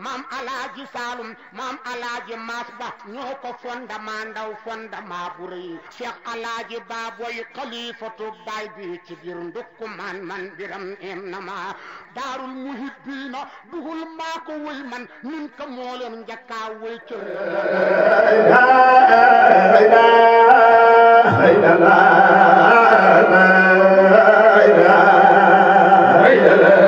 maam alaaji Saalum maam alaaji Maas Ba ñoo ko fondement ndaw fondement bu rëy Cheikh alaaji Baaboy baay bi ci biir ndukku man biram em na ma daarul muhibbiina dugul maa ko wëy man min ka moo leen njëkkaa wëy ci la la la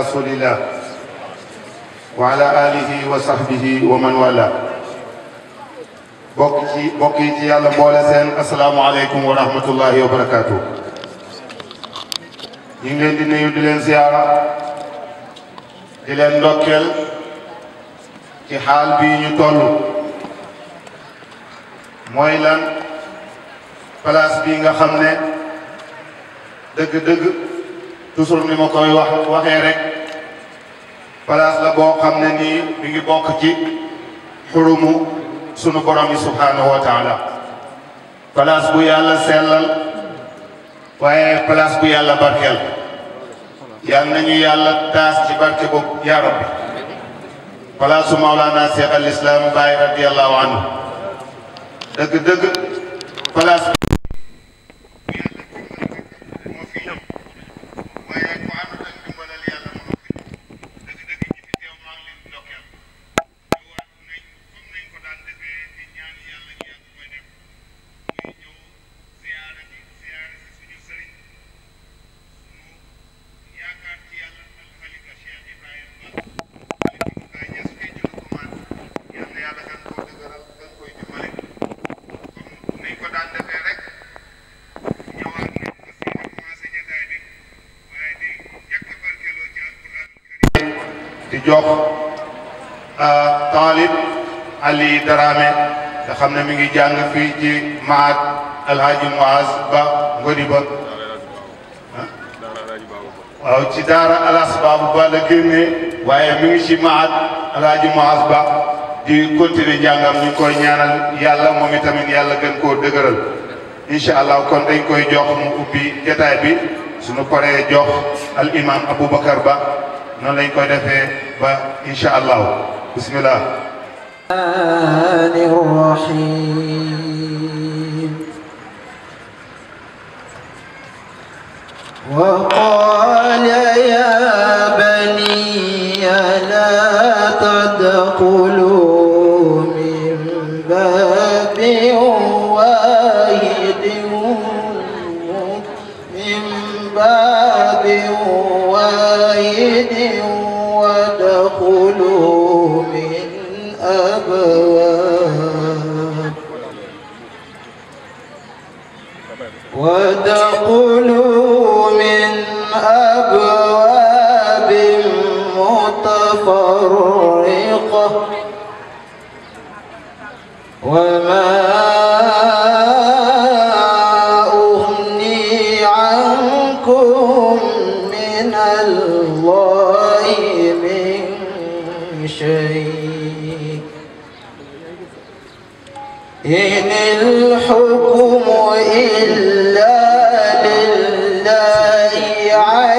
رسول الله وعلى آله وصحبه ومن والاه بوكي بوكي تي الله مولا سين السلام عليكم ورحمه الله وبركاته نيغي دي نيو دي لين زياره دي لين دوكل تي حال بي ني تولو موي لان بلاص بيغا خامني دغ دغ تسور ني ماكاي واخ واخي رك place la boo xam ne nii mi ngi bokk ci xurumu sunu borom yi subhaanahu wa taala place bu yàlla sellal waaye palaas bu yàlla barkeel yal nañu yàlla taas ci barke boobu yaa rabbi place su Mawlana Cheikh al Islam Baye radiyallahu anhu dëgg-dëgg place fii ci maat alhaji Muaz ba ngodi ba waaw ci daara alas baabu ba la génnee waaye mi ngi ci maat alhaji Muaz ba di continuer njàngam ñu koy ñaanal yàlla moom itamit yàlla gën koo dëgëral incha allah kon dañ koy jox mu ubbi jataay bi suñu paree jox al imam Aboubacar Ba noonu lañ koy defee ba incha bismillah الرحمن الرحيم وقال يا بني لا تدخل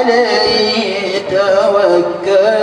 عليه توكلت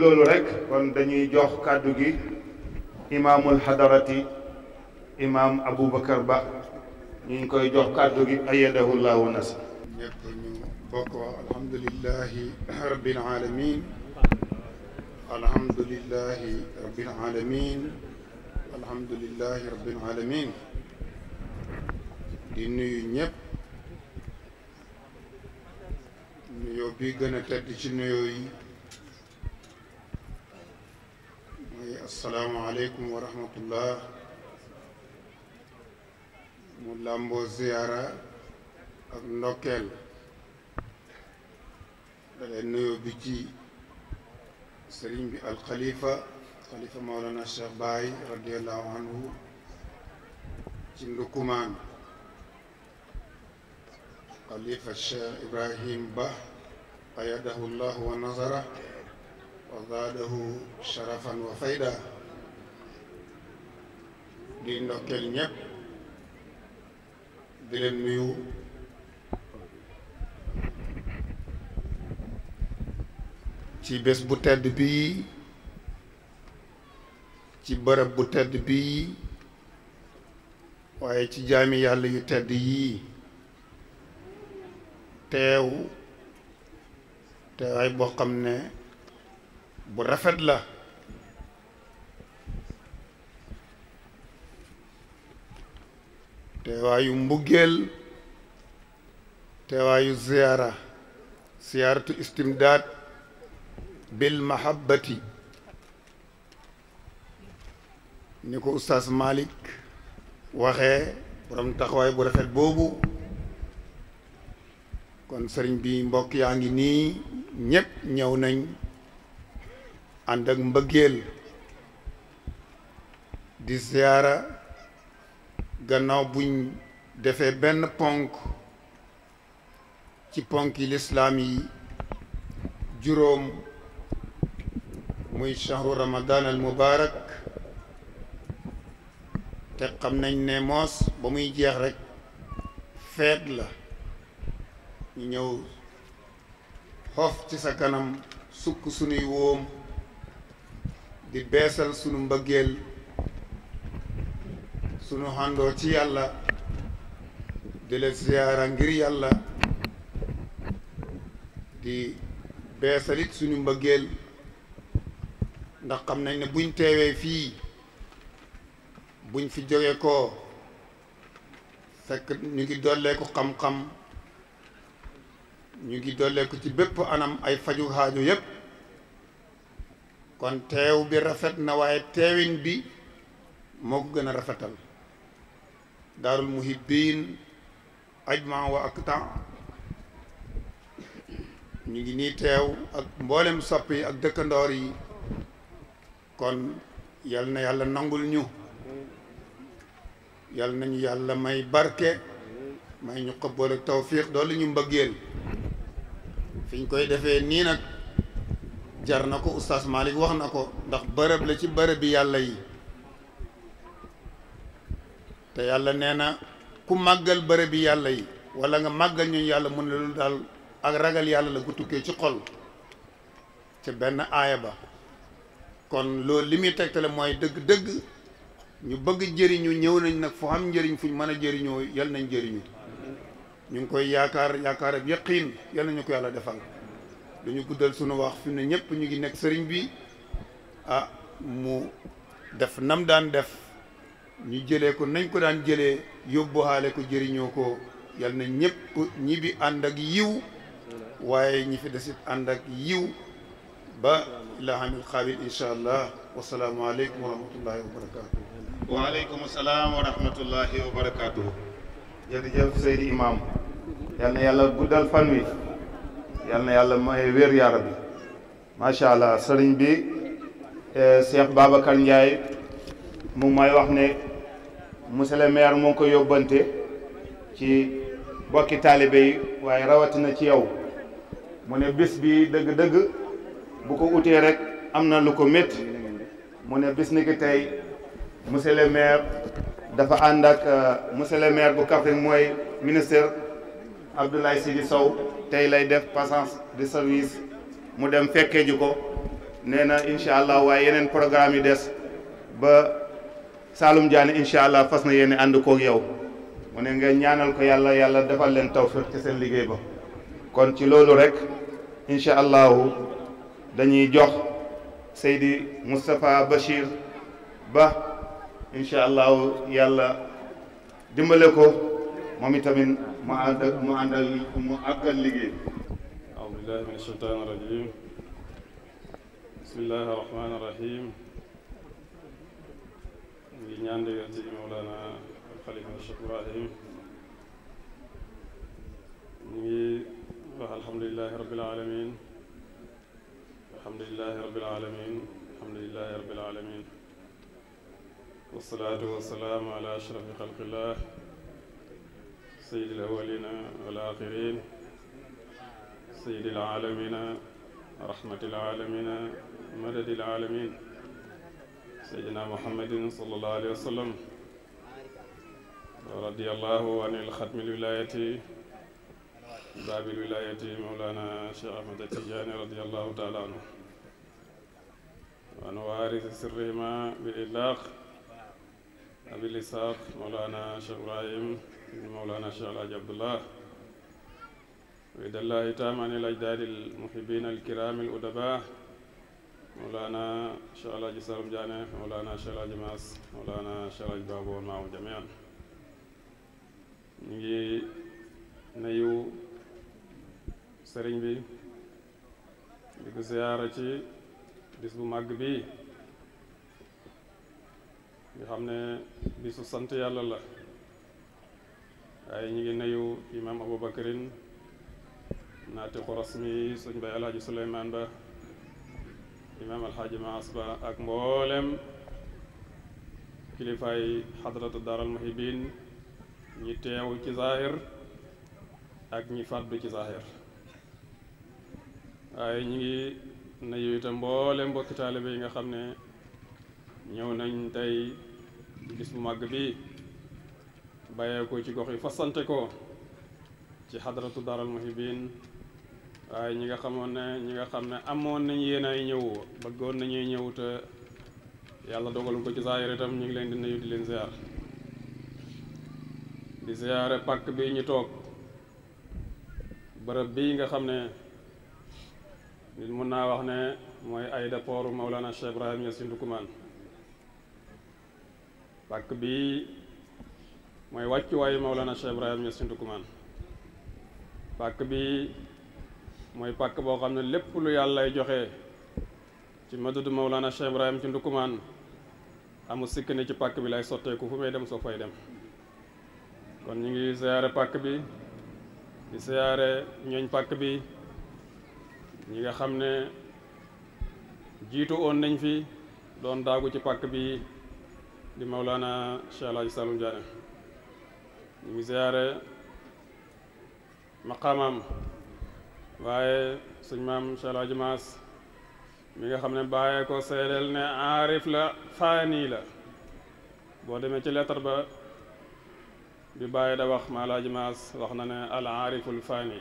loolu rek kon dañuy jox kàddu gi imaamul xadarati imaam Aboubacar Ba ñu ngi koy jox kàddu gi ayadahu llahu nas ñëpp ñu bokk wax alhamdulilahi rabbil alamin alhamdulilahi rabbil alamin alhamdulilahi rabbil alamin di nuyu ñëpp nuyoo bi gën a tedd ci nuyoo yi ziyaara ak ndokkeel da leen nuyoo bi ci sëriñ bi alxalifa xalifa maolana cheikh baye radiallahu anhu ci ndukumaan xalifa cheikh ibrahim ba ayadahu llahu wa nasara wa zaadahu sharafan wa fayda di ndokkeel ñëpp di leen nuyu ci bés bu tedd bii ci bërëb bu tedd bii waaye ci jaami yàlla yu tedd yii teew teewaay boo xam ne bu rafet la teewaayu mbuggeel teewaayu ziyaara siyaaratu istimdaad bil mahabbati ni ko oustaz Malick waxee borom taxawaay bu rafet boobu kon sëriñ bi mbokk yaa ngi nii ñépp ñëw nañ ànd ak mbëggeel di ziyaara gannaaw buñ defee benn ponk ci ponk yi lislaam yi juróom muy shahru ramadan al mubarak te xam nañ ne moos ba muy jeex rek feet la ñu ñëw xof ci sa kanam sukk sunuy wóom di beesal sunu mbëggeel sunu hando ci yalla di leen ngir yalla di besalit sunu mbëggeel ndax xam nañ ne buñ teewee fi buñ fi joggé ko fekk ñu ngi ko xam-xam ñu ngi ko ci bëpp anam ay faju haaju yépp kon teew bi rafet na waaye teewin bi moo gëna rafetal Darul muhibbin ajma wa akta ñu ngi ni tew ak mbollem soppi ak dëkkandoor yi kon yal na nanggul nangul ñu yal ñu yalla may barke may ñu xëbbool ak tawfiq li ñu mbeggel fiñ koy defé ni nak jar oustaz malik waxnako ndax bërepp la ci bërepp bi yalla yi te yàlla nee na ku màggal bërëb bi yàlla yi wala nga màggal ñu yàlla mun ne lu daal ak ragal yàlla la gu tukkee ci xol ci benn aaya ba kon loolu li muy tegtale mooy dëgg-dëgg ñu bëgg jëriñu ñëw nañ nag fu am njëriñ ñu mën a jëriñoo yal nañ jëriñu ñu ngi koy yaakaar yaakaar ak yaqiin yal ko yàlla defal dañu guddal sunu wax fi ne ñëpp ñu ngi nekk sëriñ bi ah mu def nam daan def ñu jële ko nañ ko daan jëlee yóbbuwaale ko jëriñoo ko yal na ñëpp ñibbi bi ak yiw waaye ñi fi desit ànd ak yiw ba ilaa hamil xaabil incha allah wasalaamualeykum wa rahmatullahi wa barakaatu. wa rahmatullahi wa barakaatu. jërëjëf Seydi Imaam. yal na yàlla guddal fan wi. yal na yàlla may wér yaara bi. allah sëriñ bi. Eh, Cheikh Babacar Ndiaye mu may wax ne. monsieur le maire mu ngi ko yóbbante ci bokki taalibe yi waaye rawatina ci yow mu ne bis bi dëgg-dëgg bu ko utee rek am na lu ko métti mu ne bis ni ki tey monsieur le maire dafa ànd ak euh, monsieur le maire bu Kaffrine mooy ministère Abdoulaye Sidi Sow tey lay def passance de service mu dem fekkee ji ko nee na incha allah waaye yeneen programme yi des ba. Saalum Diané incha allah fas na yéene ànd koog yow mu ne nga ñaanal ko yàlla yàlla defal leen tawfiq ci seen liggéey ba kon ci loolu rek incha allahu dañuy jox Seydi Moustapha Bachir Ba incha allahu yàlla dimbale ko moom itamit mu ànd mu àndal mu àggal liggéey. aoudu billahi min ashaytani rajim bismillahi rahmani rahim di ñaan ndigal ci Mawlana Xalifa Cheikh Ibrahim ñu ngi wax alhamdulilahi rabbil alamin alhamdulilahi rabbil alamin alhamdulilahi rabbil alamin wasalaatu wasalaamu ala ashrafi xalqillah sayyidil awwalina wal axirin sayyidil alamina rahmatil alamina madadil alamin سيدنا محمد صلى الله عليه وسلم رضي الله عن الختم الولاية باب الولاية مولانا شيخ أحمد التجاني رضي الله تعالى عنه وعن وارث سرهما بالإطلاق أبي الإسحاق مولانا شيخ إبراهيم مولانا شيخ الحاج عبد الله وإذا الله تام عن الأجداد المحبين الكرام الأدباء مولانا شيخ الحاج سالم جاني مولانا شيخ الحاج ماس مولانا شيخ الحاج بابو ngi nuyu sëriñ bi di ko ci bis bu màgg bi nga xam ne bisu sant yàlla la waaye ñu ngi nuyu imam abou bakarin naati xoros mi suñ bay alhaji suleymaan ba imaam alxaaji maas ba ak mboolem kilifaay xadratu daaral muhibin ñi teew ci zaahir ak ñi fàddu ci zaahir waaye ñi ngi nuyu itam mboolem mbokki taalibe yi nga xam ne ñëw nañ tey bis bu màgg bi bàyyee ko ci gox yi fasante ko ci xadratu daaral muhibin waaye ñi nga xamoon ne ñi nga xam ne amoon nañ yéen ay ñëw bëggoon nañuy ñëw te yàlla dogalu ko ci saayir itam ñu ngi leen di nuyu di leen ziar di ziare pàkk bi ñu toog bërëb bii nga xam ne nit mun naa wax ne mooy aéroport Maulana Cheikh Ibrahim Niass Ndoukoumaan pàkk bii mooy wàccuwaayu Maulana Cheikh Ibrahim Niass Ndoukoumaan pàkk bi mooy pàkk boo xam ne lépp lu yàllay joxe ci madadu Mawlana Cheikh Ibrahim ci ndukumaan amul sikk ci pàkk bi lay sotteeku fu may dem soo fay dem kon ñu ngi siyaare pàkk bi di siyaare ñooñ pàkk bi ñi nga xam ne jiitu woon nañ fi doon daagu ci pàkk bi di Mawlana Cheikh Alhaji Saloum Diané ñu ngi siyaare maqaamam waye seigne mam Cheikh Hadji mi nga xamne baye ko seedeel ne arif la fani la bo demé ci lettre ba bi baye da wax mala Hadji wax na ne al aariful fani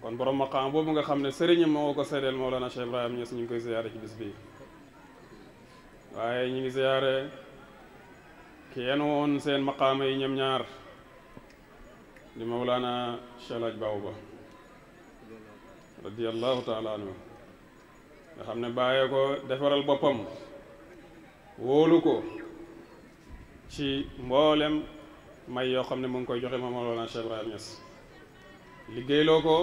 kon borom maqam bo nga xamne serigne moko moo ko Mawlana Cheikh ibrahim Niass ñu koy ziaré ci bis bi waye ñi ngi ziaré ki yen seen maqaama yi ñoom ñaar di mawlaana Chalaaj Baabu Ba radiyallahu taala anhu nga xam ne bàyyee ko defaral boppam wóolu ko ci mboolem may yoo xam ne mu ngi koy joxe ma mawlaana Cheikh Ibrahima Niass liggéeyloo ko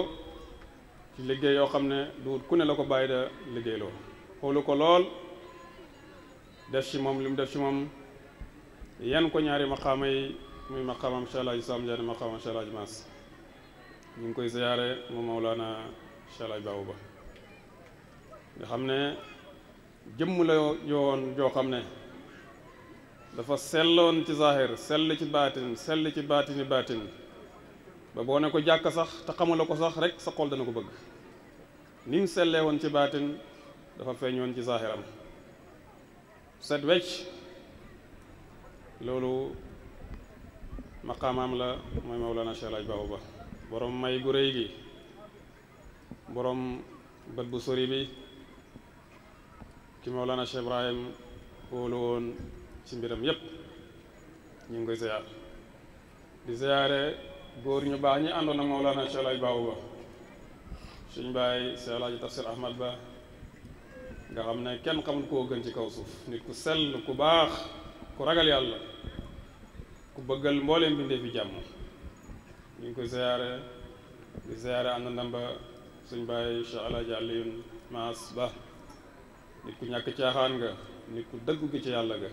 ci liggéey yoo xam ne duut ku ne la ko bàyyi da liggéeyloo xoolu ko lool def ci moom li mu def ci moom yan ko ñaari maqaama yi muy maqaamam Cheikh El Hadj Sam Diané maqaamam Cheikh El Hadj ngi koy ziyaare moom Mawlana Cheikh El Hadj Babou Ba nga xam ne jëmm la yoon joo xam ne dafa selloon ci zahir sell ci baatin sell ci baatini baatin ba boo ne ko jàkk sax te xamula ko sax rek sa xol dana ko bëgg ni mu sellee woon ci baatin dafa feeñoon ci zahiram set wecc loolu مقامام لا مي مولانا شيخ Laaj Baabu بروم borom may gu rëy gi borom bët bu sori bi ki Mawlana Cheikh Ibrahim wóolu woon ci mbiram yépp ñu ngi koy ziyaar ني ziyaare góor ñu baax ñi àndoon ak Mawlana Cheikh Laaj Baabu Ba nga xamne kenn xamul ko gën ci kaw suuf nit ku sel ku baax ku ragal yàlla ku bëggal mbooleem bindee fi jàmm ñu ngi koy di ziyaare ànd ndamba suñ bàyyi Cheikh Alaaji Maas Ba nit ku ñàkk caaxaan nga nit ku dëggu gi ci yàlla ga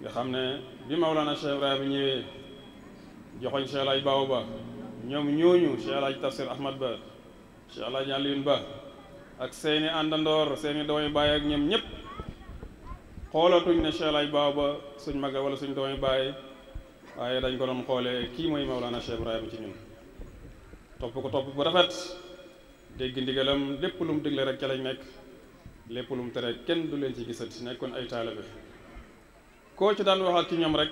nga xam ne bi Mawlana Cheikh Ibrahima ñëwee joxoñ Cheikh Baaw Ba ñoom ñooñu Cheikh Alaaji Tafsir Ahmad Ba Cheikh Alaaji Ba ak seeni àndandoor seeni doomi bàyyi ak ñoom ñëpp xoolatuñ ne Cheikh Laay Baaba suñ magga wala suñ doomi bàyyi waaye dañ ko doon xoolee kii mooy Mawlana Cheikh Ibrahima ci ñun topp ko topp bu rafet dégg ndigalam lépp lu mu digle rek ca lañ nekk lépp lu mu tere kenn du leen ci gisati nekkoon ay taalibe koo ci daan waxal ci ñoom rek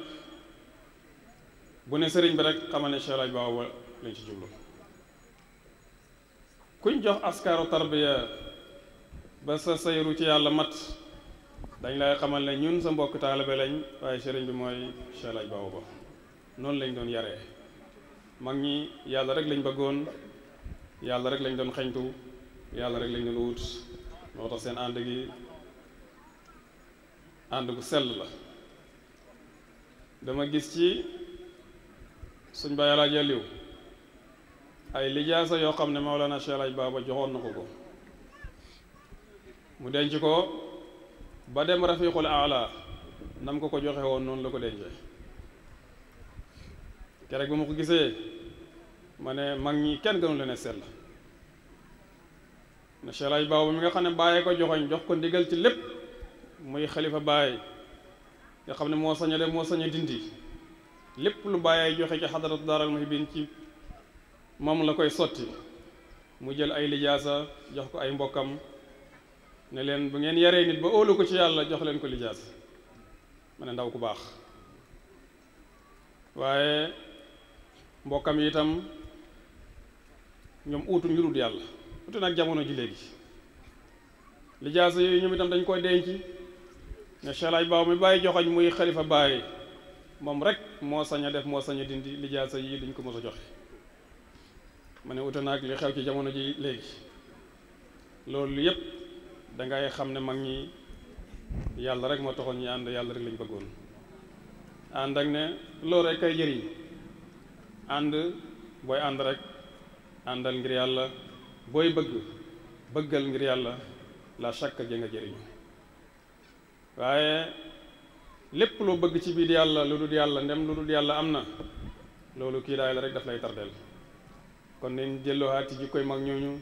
bu ne sëriñ bi rek xamal ne Cheikh Laay Baaba lañ ci jublu kuñ jox askaaru tarbiya ba sa sayru ci yàlla mat dañ lay xamal ne ñun sa mbokk taalibe lañ waaye sëriñ bi mooy Cheikh Laj Baba noonu lañ doon yare mag ñi yàlla rek lañ bëggoon yàlla rek lañ doon xeñtu yàlla rek lañ doon wut moo tax seen ànd gi ànd gu sell la dama gis ci suñ ba laaj yàlliw ay lijaasa yoo xam ne Mawlana Cheikh Laj Baba joxoon na ko ko mu denc ko ba dem rafiqul aala nam ko ko joxe woon noonu la ko dencee keroog ba ma ko gisee ma ne mag ñi kenn gënu leen a sell na Cheikh baabu mi nga xam ne bàyyee ko joxoñ jox ko ndigal ci lépp muy xalifa bàyyi nga xam ne moo sañale moo sañ a dindi lépp lu bàyyee joxe ci xadaratu daaral muhibbin ci moom la koy sotti mu jël ay lijaasa jox ko ay mbokkam ne leen bu ngeen yaree nit ba óolu ko ci yàlla jox leen ko lijaas ma ne ndaw ku baax waaye mbokkam yi itam ñoom uutu ñu dul yàlla uti ak jamono ji léegi lijaas yooyu ñoom itam dañ koo denc ne chalaaj baaw mi bàyyi joxoñ muy xalifa bàyyi moom rek moo sañ a def moo sañ a dindi lijaasa yi duñ ko mos a joxe ma ne ute naag li xew ci jamono ji léegi loolu yépp dangay xam ne mag ñi yalla rek mo taxoon ñi and yalla rek lañ bëggoon and ak ne lo rek kay jëri and boy and rek andal ngir yalla boy bëgg bëggal ngir yalla la chaque ja nga jëriñ waaye lo loo bëgg ci biir yalla lu dul yalla ndem lu dul yalla amna lolu ki kii daay la rek daf lay tardel kon nañ jëlluwaat ci jikkoy mag ñooñu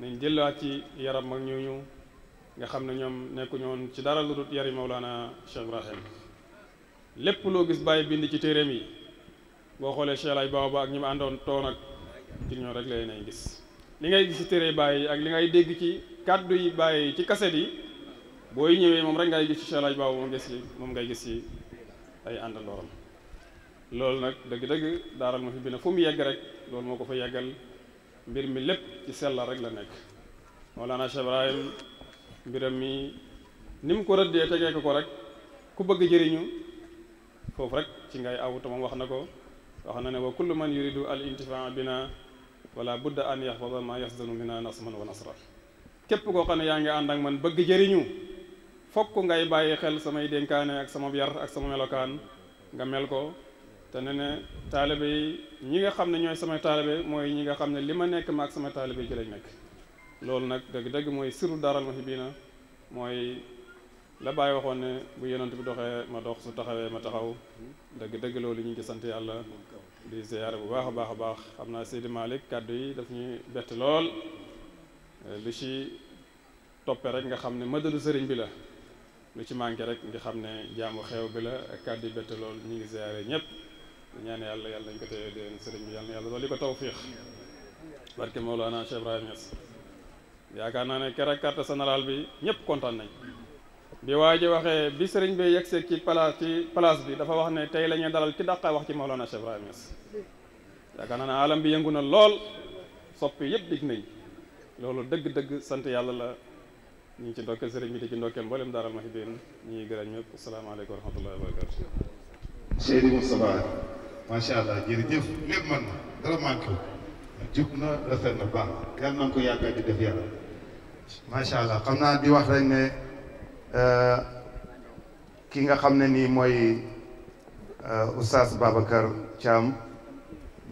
nañ jëlluwaat ci yaram mag ñooñu nga xam ne ñoom nekkuñu woon ci dara lu dul yari Mawlana Cheikh Ibrahim lépp loo gis bàyyi bind ci téeréem yi boo xoolee Cheikh Laay Baaba ak ñu ma àndoon toon ak ci ñoo rek lay nay gis li ngay gis ci téere bàyyi ak li ngay dégg ci kàddu yi bàyyi ci kaset yi booy ñëwee moom rek ngay gis ci Cheikh Laay Baaba moom gis moom ngay gis ci ay àndandooram loolu nag dëgg-dëgg daaral ma fi bi ne fu mu yegg rek loolu moo ko fa yeggal mbir mi lépp ci sellal rek la nekk mbiram mi ni mu ko rëddee tegee ko ko rek ku bëgg jëriñu foofu rek ci ngay aw te wax na ko wax na ne wa kullu man yuridu al intifaa bina wala budda an yaxfada ma yaxdanu mina nasman wa nasra képp koo xam ne yaa ngi ànd ak man bëgg jëriñu fokk ngay bàyyi xel samay dénkaane ak sama yar ak sama melokaan nga mel ko te ne ne taalibe yi ñi nga xam ne ñooy sama taalibe mooy ñi nga xam ne li ma nekk ma ak sama taalibe ci lañ nekk loolu nak deug deug moy siru daral muhibina moy la bay waxone bu yonent bi doxé ma dox su taxawé ma taxaw deug deug loolu ñu ngi sante yàlla di ziar bu baax a baax a baax xam naa Seydi kàddu yi daf ñuy bett lool li ci topé rek nga xamné madalu sëriñ bi la lu ci manké rek nga xamné jaamu xew bi la ak kàddu yi bett lool ñu ngi ziaré ñep ñaan yàlla yàlla ñu ko téye déen sëriñ bi yàlla yàlla loolu li ko tawfiix barke Mawlana Cheikh Ibrahima Niass yaakaar naa ne keroog sa nalaal bi ñëpp kontaan nañ bi waa ji waxee bi sëriñ bi yegsee ci place ci place bi dafa wax ne tey lañuy ñuy dalal ki dàqa wax ci Mawlana Cheikh Ibrahima yaakaar naa ne alam bi yëngu na lool soppi yëpp dig nañ loolu dëgg-dëgg sant yàlla la ñu ngi ci ndokkeel sëriñ bi di ci ndokkeel mboolem daaral Mouhibine ñu ngi gërëm ñëpp asalaamaaleykum wa rahmatullahi wa barakatu Seydi Moustapha macha allah jërëjëf lépp man na dara manqué wu ko yàgg di def yàlla macha allah xam naa di wax rek ne euh, ki nga xam ne nii mooy euh, usas Babacar Thiam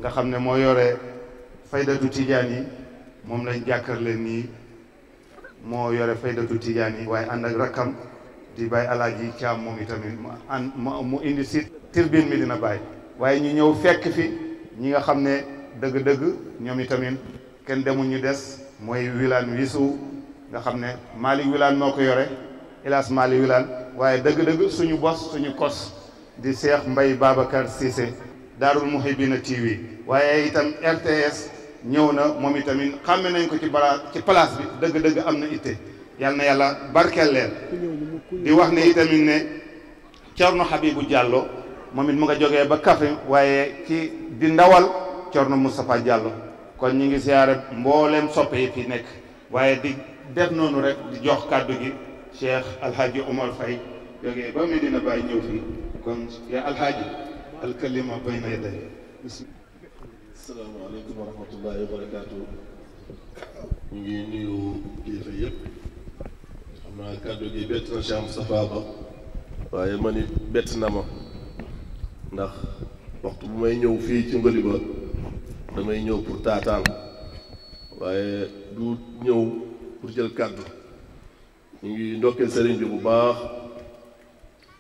nga xam ne moo yore faydatu tijaan yi moom lañ jàkkarle nii moo yore faydatu tijaan yi waaye ànd ak rakkam di bàyyi alaaji Thiam moom itamit mu ànd mu indi si tirbin mi dina bàyyi waaye ñu ñëw fekk fi ñi nga xam ne dëgg-dëgg ñoom itamit kenn demul ñu des mooy wilaan wisu nga xam ne Malick Wilane moo ko yore hélas Malick Wilane waaye dëgg-dëgg suñu bos suñu kos di Cheikh Mbaye Babacar Cissé Daarul Muhibbina TV waaye itam RTS ñëw na moom itamit xàmme nañ ko ci balaa ci place bi dëgg-dëgg am na itte yal na yàlla barkeel leen di wax ne itamit ne Habibou Diallo moom mu nga jógee ba Kaffrine waaye ci di ndawal Thierno Moustapha Diallo kon ñu ngi siyaare mbooleem soppe fi nekk waaye di def nonu rek di jox kàddu gi Cheikh Alhaji Omar fay joge ba Medina bay ñëw fi kon ya Alhaji alkalima bayna yaday asalaamaaleykum wa rahmatullahi wa barakaatu ñu ngi nuyu kilifa yëpp xam kàddu gi bett na Cheikh Moustapha Ba waaye man it na ma ndax waxtu bu may ñëw fii ci Ngoliba damay ñëw pour taataan waaye du ñëw pour jël kàddu ñu ngi ndokkeel sëriñ bi bu baax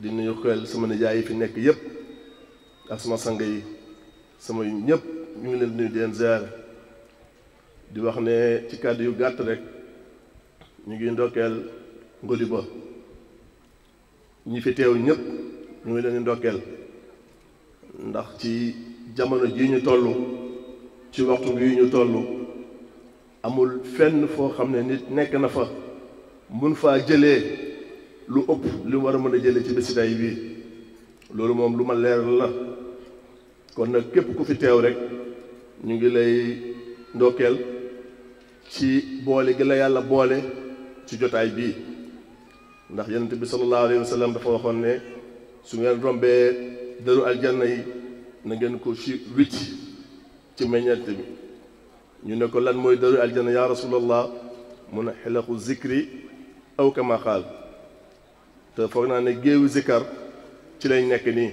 di nuyu xel sama nijaay yi fi nekk yëpp ak sama sang yi sama ñëpp ñu ngi leen nuyu di di wax ne ci kàddu yu gàtt rek ñu ngi ndokkeel ngoli ñi fi teew ñëpp ñu ngi leen di ndokkeel ndax ci jamono ji ñu toll ci waxtu bi ñu toll. amul fenn foo xam ne nit nekk na fa mun faa jëlee lu ëpp li war a mën a jëlee ci bésidaay bii loolu moom lu ma leer la kon nag képp ku fi teew rek ñu ngi lay ndokkeel ci boole gi la yàlla boole ci jotaay bii ndax yonent bi sallallahu alayhi wa dafa waxoon ne su ngeen rombee dëru aljanna yi na ko ci wicc ci meññeent bi نقول لن موي دارو الجنه يا رسول الله من حلق الذكر او كما قال تفوقنا ني جيو ذكر تي لاي نيك ني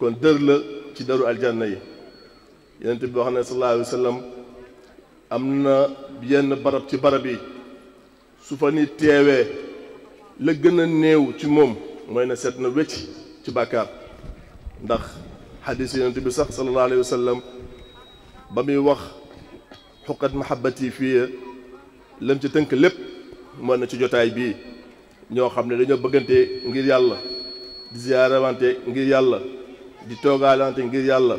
كون دير لا تي دارو الجنه يي يانت بي وخنا صلى الله عليه وسلم امنا بيان برب تي برب بي سوفاني تيوي لا گنا نيو تي موم موي سيتنا ويتي تي بكار ndax hadith yonentou bi sax sallallahu alayhi wasallam bamuy wax حقد محبتي في لم تتنك لب ما نتجو تايبي نيو خامن لنيو بغنتي نغير يالا دي زيارة وانتي نغير يالا دي توغا لانتي نغير يالا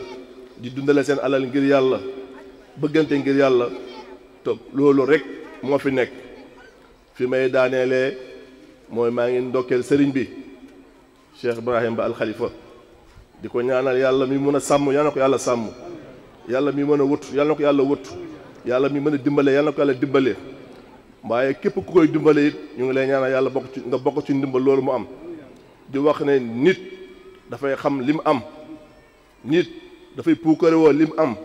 دي دندل سين على نغير يالا بغنتي نغير يالا توب لولو ريك ما في نك في مي دانيلي موي ماغي ندوكل سيرين بي شيخ ابراهيم با الخليفه ديكو نيانال يالا مي مونا سامو يانا كو يالا سامو يالا مي مونا ووت يالا كو يالا ووت yàlla mi mën a dimbale yàlla na ko yàlla dimbale waaye képp ku koy dimbale it ñu ngi lay ñaanal yàlla bokk ci nga bokk ci ndimbal loolu mu am di wax ne nit dafay xam li mu am nit dafay puukarewoo li mu am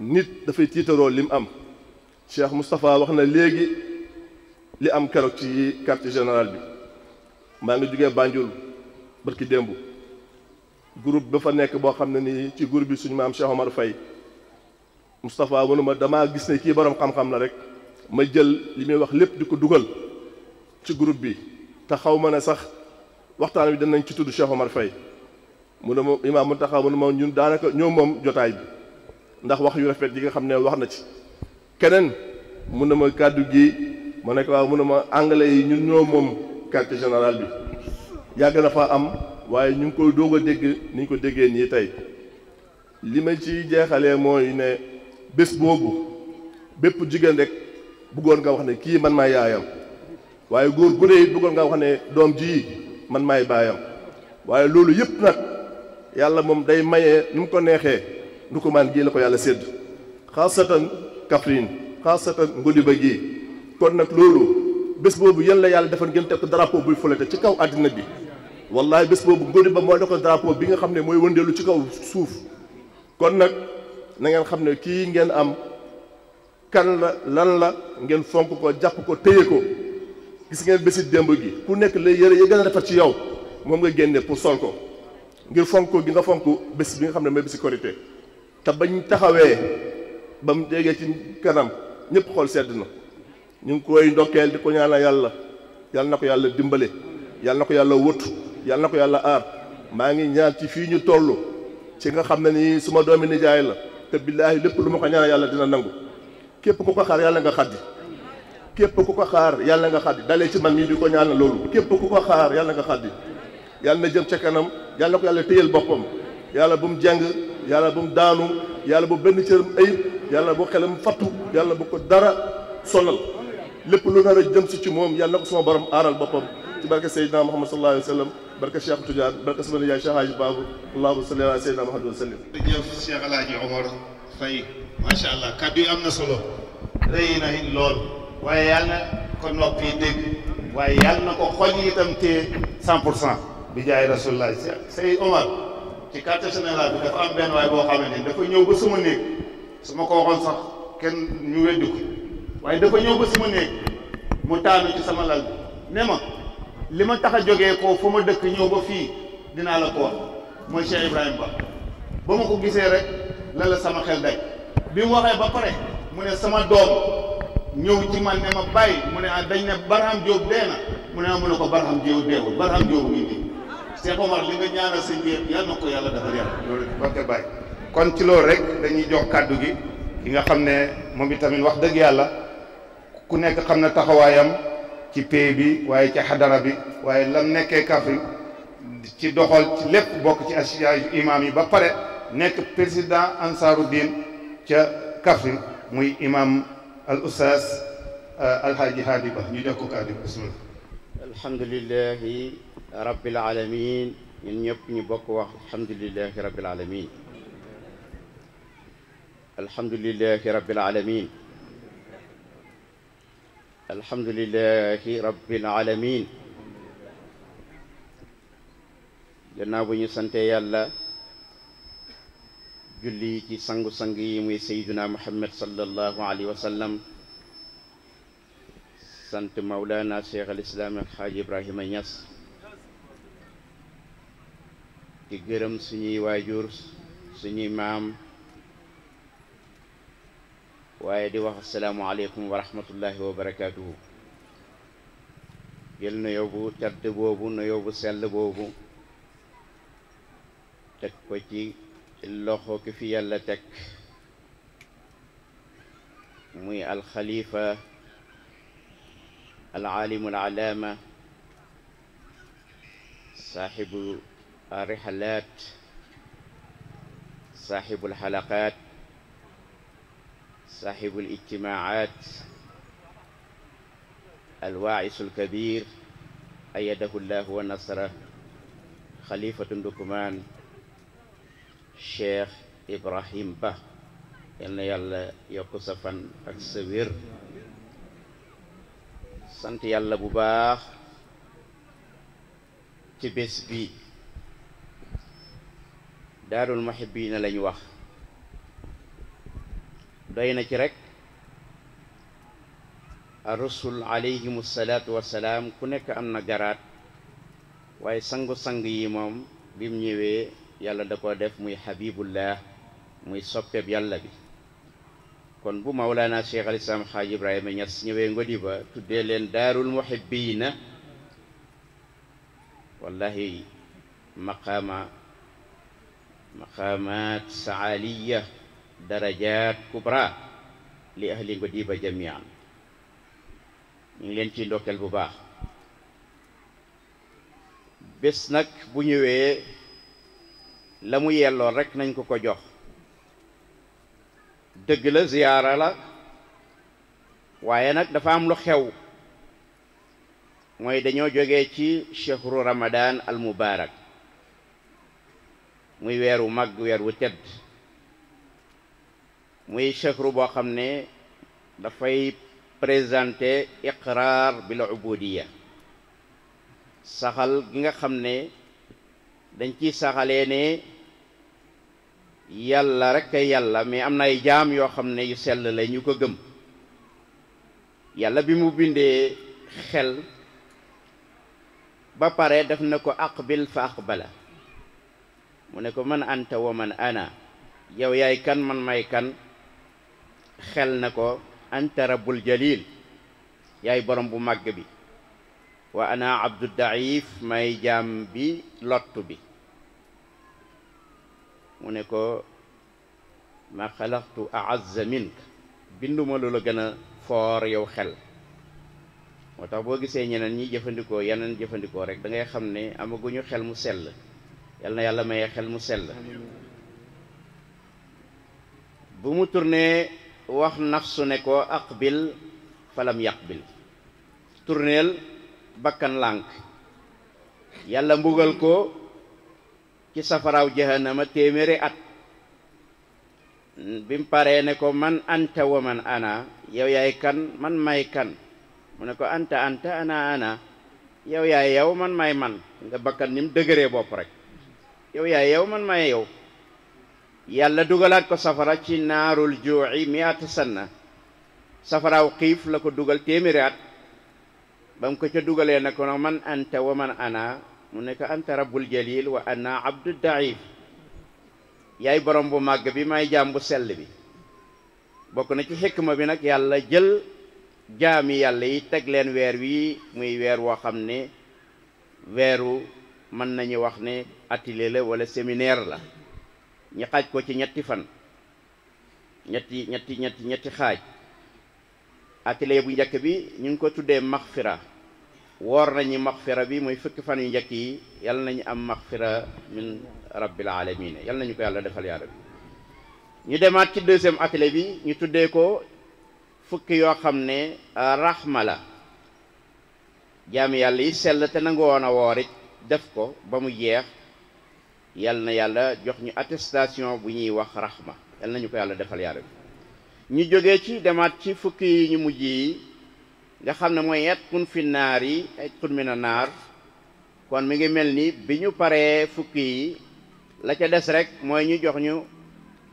nit dafay tiitaroo li mu am Cheikh Moustapha wax na léegi li am keroog ci quartier général bi maa ngi jógee Banjul barki démb groupe ba fa nekk boo xam ne nii ci groupe bi suñu maam Cheikh Omar fay Moustapha mënu ma damaa gis ne kii borom xam-xam la rek ma jël li may wax lépp di ko dugal ci groupe bi te xaw ma ne sax waxtaan wi danañ ci tudd Cheikh Omar Faye mu ne ma imaam mu taxaw mu ne ma ñun daanaka ñoo moom jotaay bi ndax wax yu rafet yi nga xam ne wax na ci keneen mu ne ma kàddu gi ma nekk ko waaw mu ma anglais yi ñun ñoo moom quartier général bi yàgg na fa am waaye ñu ngi koy doog a dégg ni ñu ko déggee nii tey li ma ci jeexalee mooy ne bés boobu bépp jigéen rekk bëggoon nga wax ne kii man maay yaayam waaye góor gu ne it bëggoon nga wax ne doom ji man maay baayam waaye loolu yëpp nag yàlla moom day maye nu mu ko neexee ndukumaan gii la ko yàlla sedd sédd xaasatan Kaffrine xaasatan Ngodiba gii kon nag loolu bés boobu yéen la yàlla defal ngeen ko drapeau buy folete ci kaw àddina bi wallaay bés boobu Ngodiba moo la ko drapeau bi nga xam ne mooy wëndeelu ci kaw suuf kon nag na xam ne kii ngeen am kan la lan la ngeen fonk ko jàpp ko téye ko gis ngeen bési démb gi ku nekk la yëre yi gën defar ci yow moom nga génne pour sol ko ngir fonk gi nga fonk bés bi nga xam ne mooy bési korité te bañ taxawee ba mu jege ci kanam ñëpp xool sedd na ñu ngi koy ndokkeel di ko ñaanal yàlla yàlla na ko yàlla dimbale yàlla na ko yàlla wut yàlla na ko yàlla aar maa ngi ñaan ci fii ñu toll ci nga xam ne nii suma doomi nijaay la te billaahi lépp lu ma ko ñaan yàlla dina nangu képp ko ko xaar yàlla nga xaddi képp ku ko xaar yàlla nga xaddi dalee ci man yi di ko ñaanal loolu képp ku ko xaar yàlla nga xaddi yàlla na jëm ca kanam yàlla ko yàlla téyal boppam yàlla bu mu jàng yàlla bu mu daanu yàlla bu benn cëram ayib yàlla bu mu fattu yàlla bu ko dara sonal lépp lu nar jëm si ci moom yàlla na ko sama borom aaral boppam ci barke Seydina Muhammad sallallahu alayhi بركة الشيخ تجار بركة سمن يا شيخ حاج باب الله صلى على سيدنا محمد وسلم الله الحاج عمر فاي ما شاء الله كادو امنا سولو رينا هين لول واي يالنا كون نوبي ديغ واي يالنا كو خوجي تام تي 100% بجاي رسول الله الشيخ سي عمر تي كارت سنلا دا فا ام بن واي بو خامني دا فا نيو بو سما نيك سما كو خون صاح كين نيو ويدوك واي دا فا نيو بو سما نيك مو تانو تي سما لال نيما li ma tax a jógee ko fu ma dëkk ñëw ba fii dinaa la ko wax mooy Cheikh Ibrahima Ba ba ma ko gisee rek la la sama xel daj bi mu waxee ba pare mu ne sama doom ñëw ci man ne ma bàyyi mu ne ah dañ ne Barham Diop dee na mu ne ah mu ne ko Barham Diop deewul Barham Diop ngi nii Cheikh Omar li nga ñaanal sëñ bi yal na ko yàlla dafa yàlla kon ci loolu rek dañuy jox kàddu gi ki nga xam ne moom itamit wax dëgg yàlla ku nekk xam na taxawaayam ci pay bi waye ci hadara bi waye lam nekké kafri ci doxal ci lépp bok ci association imam yi ba pare nek president ansaruddin ci kafri muy imam al ustaz al alhaaji hadi Ba ñu jox ko kàddu bismillah alhamdulillah rabbil alamin ñun ñep ñu bok wax alhamdulillah rabbil alamin alhamdulillah rabbil alamin الحمد لله رب العالمين gannaaw bu ñu sante yàlla julli ci sangu-sang yi muy sayyiduna muhammad sallallahu alayhi wa sallam sant maulana cheikh al islam ak xaaji ibrahima ñas di gërëm suñuy waajur suñuy maam waaye di wax asalaamualeykum wa rahmatullahi wa barakaatuhu jël nuyoo bu tedd boobu nuyoo bu sell boobu teg ko ci loxo ki fi yàlla teg muy alxalifa العالم العلامة صاحب الرحلات صاحب الحلقات صاحب الاجتماعات الواعس الكبير أيده الله ونصره خليفة دكمان شيخ إبراهيم با إن يلا يقصفا أكسوير سنت يلا بباخ تبس بي دار المحبين لن يوخ doy na ci rek rusul alayhimu salaatu wasalaam ku nekk am na garaat waaye sangu-sang yi moom bimu ñëwee yàlla da ko def muy habibullah muy soppeeb yàlla bi kon bu mawlaana cheikh al islam xaaj ibrahima ñas ñëwee ngodi ba tuddee leen daarul muhibbiina wallahi maqaama maqaamaat saaliya darajat kubra li ahli ngodiba jamian ñu leen ci ndokkeel bu baax bés nag bu ñëwee la mu yelloon rekk nañ ko ko jox dëgg la ziyaara la waaye nag dafa am lu xew mooy dañoo jógee ci chehru ramadaan al mubarak muy weer wu mag weer wu tedd muy chakru boo xam ne dafay présenter iqraar bil ubudiya saxal gi nga xam ne dañ ciy saxalee ne yàlla rekk yàlla mais am na ay jaam yoo xam ne yu sell la ñu ko gëm yàlla bi mu bindee xel ba pare def na ko aqbil fa aqbala mu ne ko mën anta wa man ana yow yaay kan man may kan xel na ko anta rabbul jalil yaay borom bu màgg bi wa ana abdu daif may jaam bi lottu bi mu ne ko ma xalaqtu aazza mink binduma lu la gën a foor yow xel moo tax boo gisee ñeneen ñi jëfandikoo yeneen jëfandikoo rek da ngay xam ne amaguñu xel mu sell yal na yàlla mayee xel mu sell bu mu tourné wax nafsu ne ko aqbil falam yaqbil tourneel bakkan lànk yalla mbugal ko ci safaraaw jahannama at bi mu ne ko man anta wa man ana yow yaay kan man may kan mu ko anta anta ana ana yow yaay yow man may man nga bakkan ni mu dëgëree bopp rek yow yaay yow man may yow yàlla dugalaat ko safara ci naarul juuci miata sanna safaraaw xiif la ko dugal téeméeri at ko ca dugalee na ko no man anta wa man ana mu nekk ko anta rabbul jalil wa ana abdu daif yaay borom bu màgg bi may jaam bu sell bi bokk na ci ma bi nag yàlla jël jaami yàlla yi teg leen weer wi muy weer woo xam ne weeru mën nañu wax ne atelier la wala séminaire la ñi xaaj ko ci ñetti fan ñetti ñetti ñetti ñetti xaaj atelier bu njëkk bi ñu ngi ko tuddee maxfira woor nañu maxfira bi mooy fukki fan yu njëkk yi yàlla nañu am maxfira min rabbil alamin yàlla nañu ko yàlla defal yaa ñu demaat ci deuxième atelier bi ñu tuddee ko fukki yoo xam ne euh, raxma la jaami yàlla yi sell te nangu woon a woor it def ko ba mu jeex yal na yàlla jox ñu attestation bu ñuy wax raxma yal nañu ko yàlla defal yaara bi ñu jógee ci demaat ci fukki yi ñu mujj yi nga xam ne mooy et kun fi naar yi et kun mina naar kon mi ngi mel ni bi ñu paree fukki yi la ca des rek mooy ñu jox ñu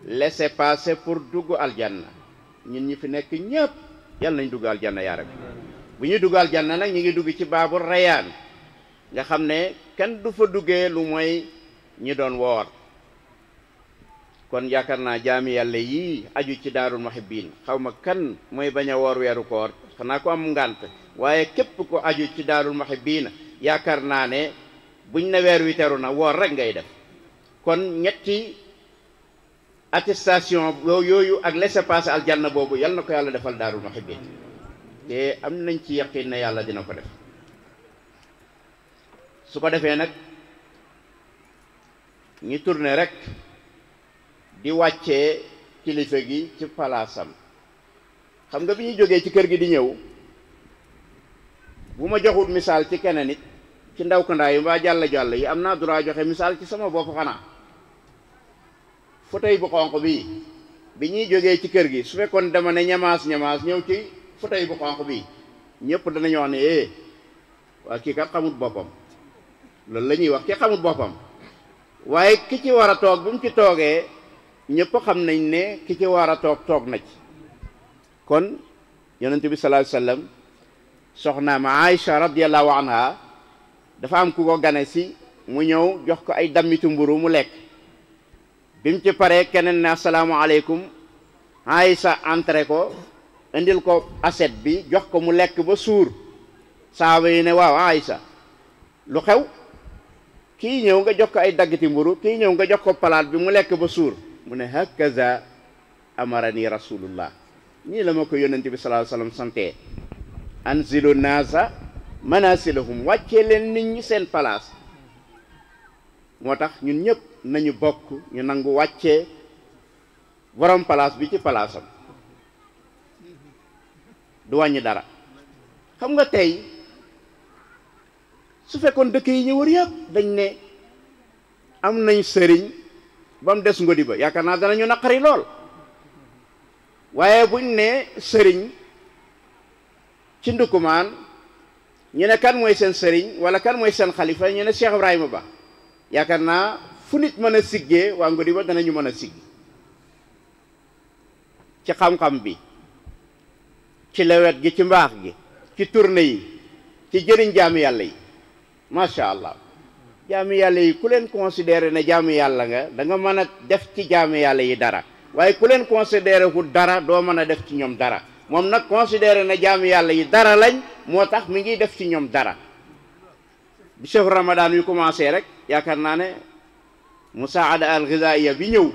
laisser passer pour dugg aljanna ñun ñi fi nekk ñëpp yal nañ dugg aljanna yaara bi bu ñuy dugg aljanna nag ñu ngi dugg ci baabu rayaan nga xam ne kenn du fa duggee lu mooy ñi doon woor kon yaakaar naa jaami yàlla yii aju ci daarul muhibbiin xaw ma kan mooy bañ a woor weeru koor xanaa ko am ngànt waaye képp ko aju ci daarul muhibbiin yaakaar naa ne buñ ne weer wi teru na woor rek ngay def kon ñetti attestation yooyu ak laissez-passer aljanna boobu yal na ko yàlla defal daarul muhibbiin te am nañ ci yaqin ne yàlla dina ko def su ko defee nag ñi tourné rek di wàcce kilifa gi ci palaasam xam nga bi ñu jógee ci kër gi di ñëw bu ma joxut misaal ci keneen it ci ndaw kandaa yi mbaa jàll jàll yi am naa droit joxe misaal ci sama bopp xanaa fauteuil bu xonq bi bi ñuy jógee ci kër gi su fekkoon dama ne ñamaas ñamaas ñëw ci fauteuil bu xonq bii ñëpp danañu wax ne eh, waa kii kat xamut boppam loolu la ñuy wax ki xamut boppam waaye ki ci war a toog bi mu ci toogee ñëpp xam nañ ne ki ci war a toog toog na ci kon yonent bi sallallahu alayhi wasallam soxnaam Aïcha radiyallahu anha dafa am ku ko gane si mu ñëw jox ko ay dammitu mburu mu lekk bi mu ci paree keneen ne asalaamaaleykum Aïcha entré ko indil ko assiette bi jox ko mu lekk ba suur saaba yi ne waaw Aïcha lu xew kii ñëw nga jox ko ay daggiti mburu kii ñëw nga jox ko palaat bi mu lekk ba suur mu ne hakaza amarani rasulullah ñii la ma ko yónnente bi sallallahu alayhi wasallam sante anzilu naasa manasilahum wàccee leen nit ñi seen palaas moo tax ñun ñëpp nañu bokk ñu nangu wàcce borom palaas bi ci palaasam du wàññi dara xam nga tey su fekkoon dëkk yi ñu wër yëpp dañ ne am nañ sëriñ ba mu des ngodi ba yaakaar naa danañu naqari lool waaye buñ nee sëriñ ci ndukumaan ñene kan mooy seen sëriñ wala kan mooy seen xalifa ñene ne Cheikh Ibrahima Ba yaakaar naa fu nit mën a siggee waa ngodi ba danañu mën a sigg ci xam-xam bi ci lewet gi ci mbaax gi ci tournée yi ci jëriñ jaami yàlla yi macha allah jaami yàlla yi ku leen considéré na jaami yàlla nga da mën a def ci jaami yàlla yi dara waaye ku leen considéré wu dara doo mën a def ci ñoom dara moom nag considéré na jaami yàlla yi dara lañ moo tax mu ngi def ci ñoom dara bi chef ramadan yu commencé rek yaakaar naa ne musaada al ghizaiya bi ñëw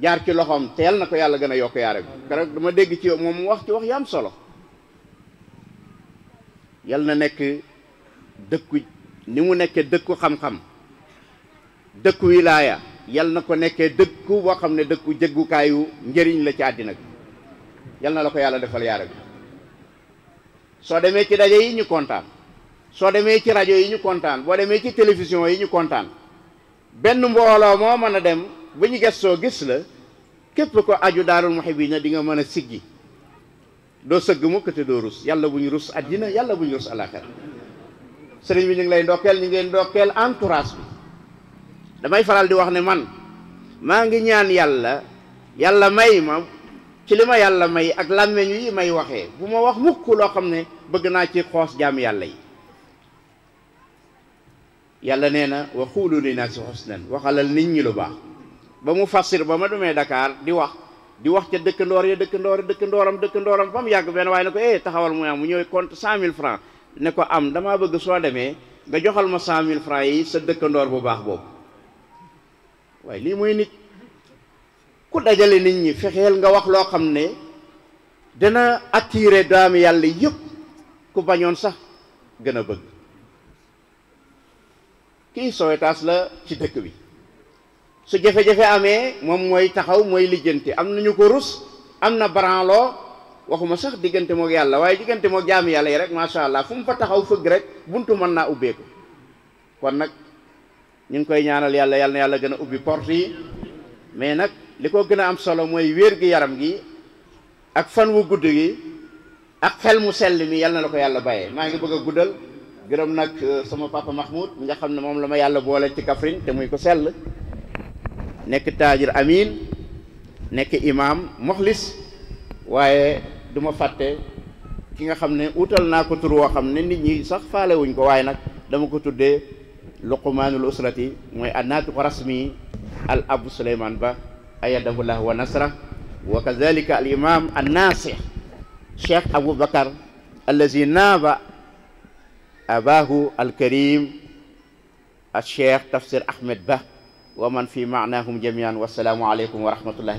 jaar ci loxoom teel na ko yàlla gën a yokk yaare bi keroog dama dégg ci moom mu wax ci wax yu solo yal na nekk dëkku ni mu nekkee dëkku xam-xam dëkku wilaaya yal na ko nekkee dëkku boo xam ne dëkku jéggukaayu njëriñ la ci àddina bi yal na la ko yàlla defal yaara bi soo demee ci daje yi ñu kontaan soo demee ci rajo yi ñu kontaan boo demee ci télévision yi ñu kontaan benn mbooloo moo mën a dem ba ñu gëstoo gis la képp ko aju daalul daarul muhibbina di nga mën a siggi doo sëgg mukk te doo rus yàlla bu ñu rus àddina yàlla bu ñu rus àllaaxira sering bi ñu ngi lay ndokkel ñu ngi ndokkel entourage bi damay faral di wax ne man ma ngi ñaan yalla yalla may ma ci lima yalla may ak lammeñu yi may waxe bu ma wax mukk lo xamne ne bëgg na ci xoss jaam yalla yi yalla neena na wa xuulu li naasi xusnan waxalal nit ñi lu baax ba mu fasir ba ma demee Dakar di wax di wax dekk ndor ya dëkkandoor ya, dëkkandooram dëkkandooram fa mu yàgg benn waaye ne ko eh taxawal mu yaa mu ñoy compte 100000 francs ne ko am damaa bëgg soo demee nga joxal ma cent mille francs yi sa dëkkandoor bu baax boobu waaye lii mooy nit ku dajale nit ñi fexeel nga wax loo xam ne dana attirer daam yàlla yëpp ku bañoon sax gën a bëgg kii Sowetaas la ci dëkk bi su jafe-jafe amee moom mooy taxaw mooy lijjanti am na ñu ko rus am na branloo waxuma sax diggante moog yàlla waaye diggante moog jaami yàlla yi rek macha allah fu mu fa taxaw fëgg rek buntu mën naa ubbeeku kon nag ñu ngi koy ñaanal yàlla yàlla yàlla gën a ubbi port yi mais nag li ko gën a am solo mooy wér gi yaram gi ak fan wu gudd gi ak xel mu sell mi yàlla la ko yàlla bàyyee maa ngi bëgg a guddal gërëm nag euh, sama papa Mahmoud mi nga xam ne moom la ma yàlla boole ci Kaffrine te muy ko sell nekk taajir amin nekk imam moxlis waaye duma faté ki nga xamné outal utal naa ko tur woo xam nit ñi sax faale wuñ ko waaye nak dama ko tuddé luqmanul usrati moy anatu rasmi al abu sulaiman ba ayadahu allah wa nasra wa kadhalika al imam an nasih cheikh abu bakar allazi naaba abahu al karim al cheikh tafsir ahmed ba wa man fi maanahum jamian wasalaamu aleykum wa rahmatullahi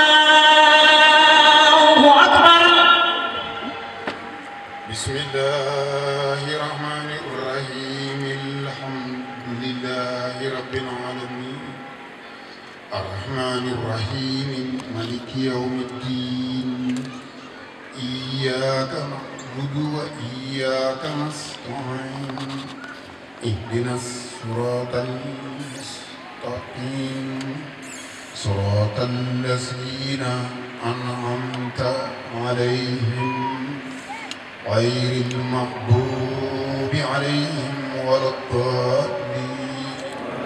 إياك نعبد وإياك نستعين اهدنا الصراط المستقيم صراط الذين أنعمت عليهم غير المحبوب عليهم ولا الضالين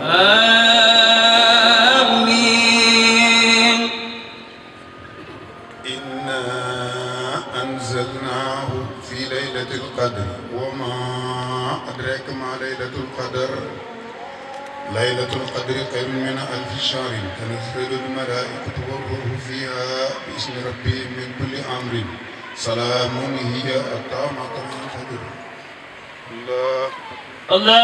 آه القدر وما أدراك ما ليلة القدر ليلة القدر خير من ألف شهر تنزل الملائكة والروح فيها بإسم ربهم من كل أمر سلام هي حتى القدر الله الله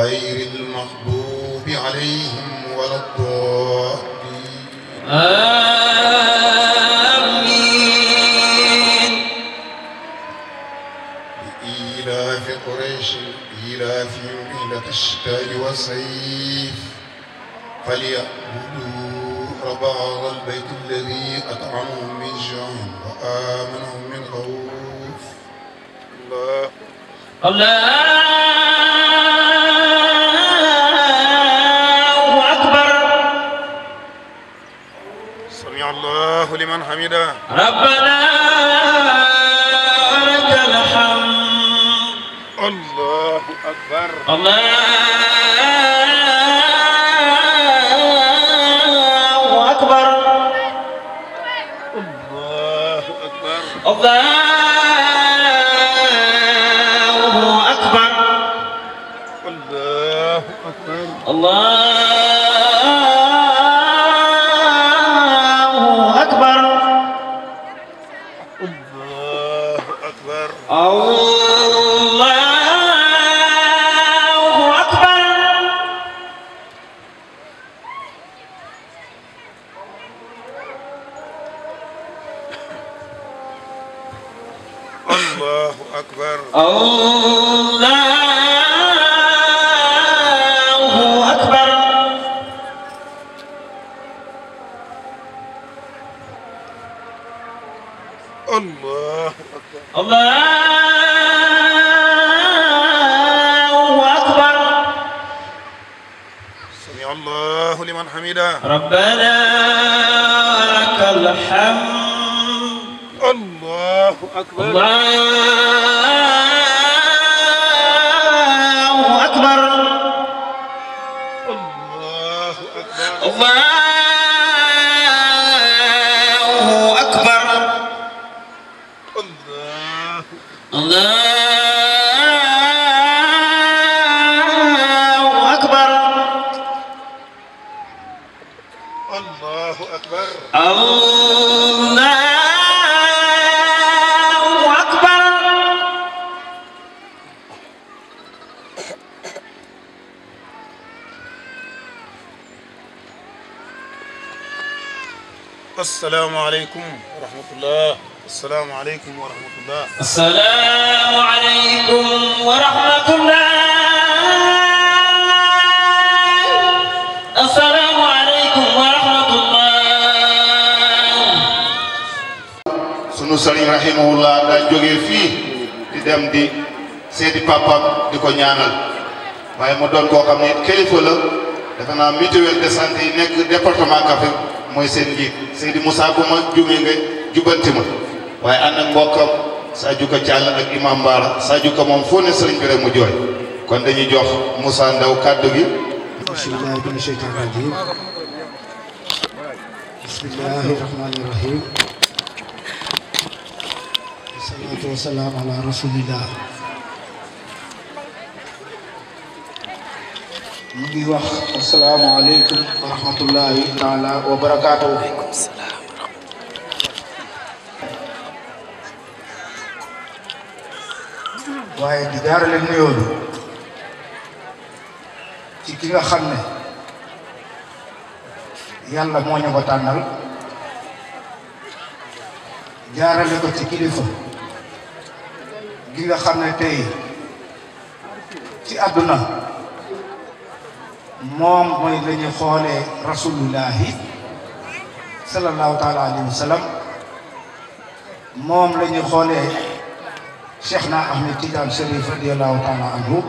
غير المغضوب عليهم ولا الضالين آمين لإيلاف قريش إيلافهم ليلة الشتاء والصيف فليعبدوا رب هذا البيت الذي أطعمهم من جوع وآمنهم من خوف الله الله ربنا لك الحمد الله أكبر الله السلام عليكم ورحمة الله السلام عليكم ورحمة الله السلام عليكم ورحمة الله السلام عليكم ورحمة الله سنو سرين رحمه الله دا جوغي في دي دي سيدي بابا ديكو ñaanal waye mo doon ko xamne kelifa mooy seen njiit Seydi Moussa bu ma jumee nga jubanti ma waaye ànd ak mbokkam Sadio Ka Thial ak Imam Baara Sadio Ka moom foo ne sëriñ bi rek mu jooy kon dañuy jox Moussa Ndaw kàddu gi bismillah bin sheytaan rajim bismillahi rahmani rahim salaatu wa salaam ala rasulillah ñu ngi wax asalaamaaleykum wa rahmatullahi taala wa waaye di jaarale nuyoo ci ki nga xam ne yàlla moo ñu ko tànnal jaarale ko ci kilifa gi nga xam ne tey ci àdduna moom mooy la ñu xoolee rasulullahi sallallahu taala wa sallam moom la ñu xoolee cheikh na ahmed tidiane sharif radiallahu taala anhu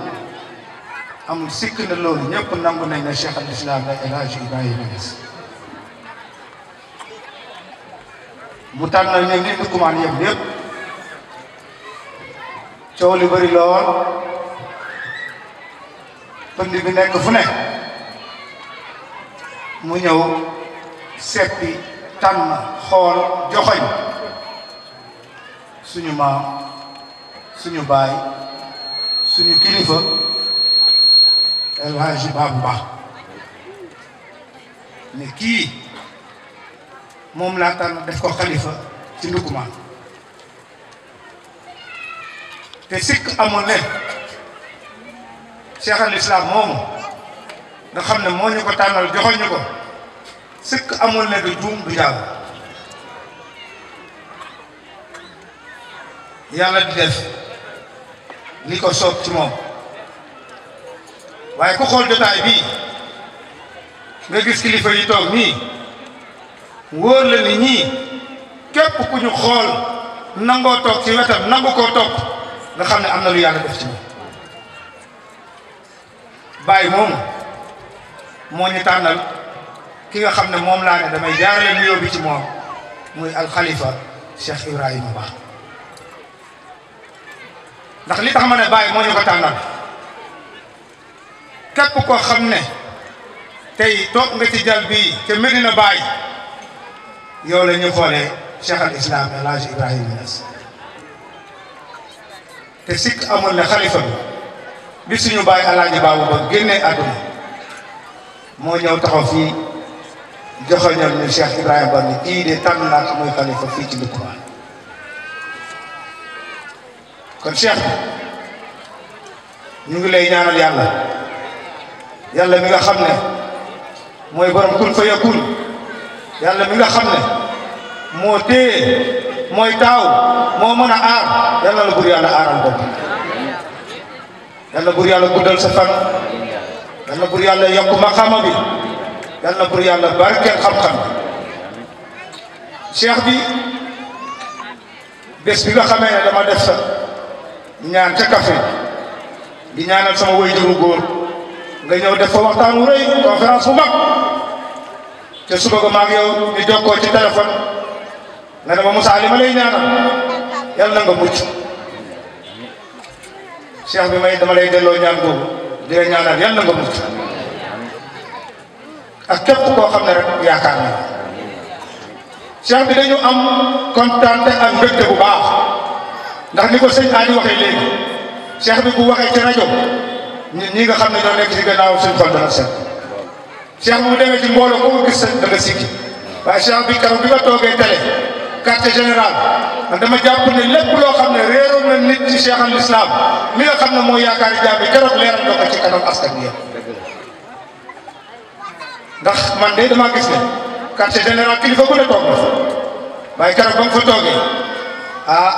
amul sikk na loolu ñëpp nangu nañ ne cheikh al la El Hadj Ibrahima mu tànnal ñoom nit kumaan yëpp yëpp coow li bëri lool pënd bi nekk fu nekk mu ñëw seppi tànn xool joxoñ suñu maam suñu baay suñu kilifa El Hadji Babou Ba ne kii moom laa tànn def ko xalifa ci Ndoukoumane te sikk amul ne Cheikh al moomu nga xam ne moo ñu ko tànnal joxoñ ñu ko sëkk amul ne du juum du jàll yàlla di def li ko soob ci moom waaye ku xool jotaay bii nga gis kilifa yi toog nii wóor ni ñii képp ku ñu xool nangoo toog ci wetam nangu koo toog nga xam ne am na lu yàlla def ci moom bàyyi moomu moo ñu tànnal ki nga xam ne moom laa ne damay jaarale nuyoo bi ci moom muy alxalifa Cheikh Ibrahima Ba ndax li tax ma ne Baye moo ñu ko tànnal képp koo xam ne tey toog nga ci jal bii te Medina Baye yow la ñu xoolee Cheikh al Islam El te sikk amul ne xalifa bi bi suñu Baye El Hadj Babou génnee àdduna moo ñëw taxaw fii joxal ñoom ñu Cheikh Ibrahima Ba ni de tànn naa ko muy xalifa fii ci Ndoukoumane kon Cheikh ñu ngi lay ñaanal yàlla yàlla mi nga xam ne mooy borom kun fa yakun yàlla mi nga xam ne moo téye mooy taaw moo mën a aar yàlla la bur yàlla aaral bopp yàlla bur yàlla guddal sa fan. yal na pour yàlla yokk maqaama bi yàlla barkeel xam bi bés bi nga xamee ne dama def sa ñaan ca ñaan di ñaanal sama waajuru góor nga ñëw def fa waxtaan wu rëy conférence bu mag te yow ñu jokkoo ci téléphone nga ne ma Moussa li ma lay ñaanal yal nga mucc cheikh bi may dama lay delloo ñaan boobu di la ñaanal na nga mucc ak képp koo xam ne rek yaakaar na cheikh bi dañu am kontaan ak mbégte bu baax ndax ni ko sëñ Aliou waxee léegi cheikh bi bu waxee ci rajo ñi nga xam ne ñoo nekk ci gannaaw suñ xol dana set cheikh bi bu demee mbooloo ko gis da nga sikki waaye cheikh bi keroog bi nga toogee télé quartier général man dama jàpp ne lépp loo xam ne réeroon na nit si Cheikh al mi nga xam ne mooy yaakaari jaam yi keroog leeral nga ko ci kanam askan bi ndax man de damaa gis ne quartier général kilifa bu ne toog na fa waaye keroog ba nga fa toogee ah,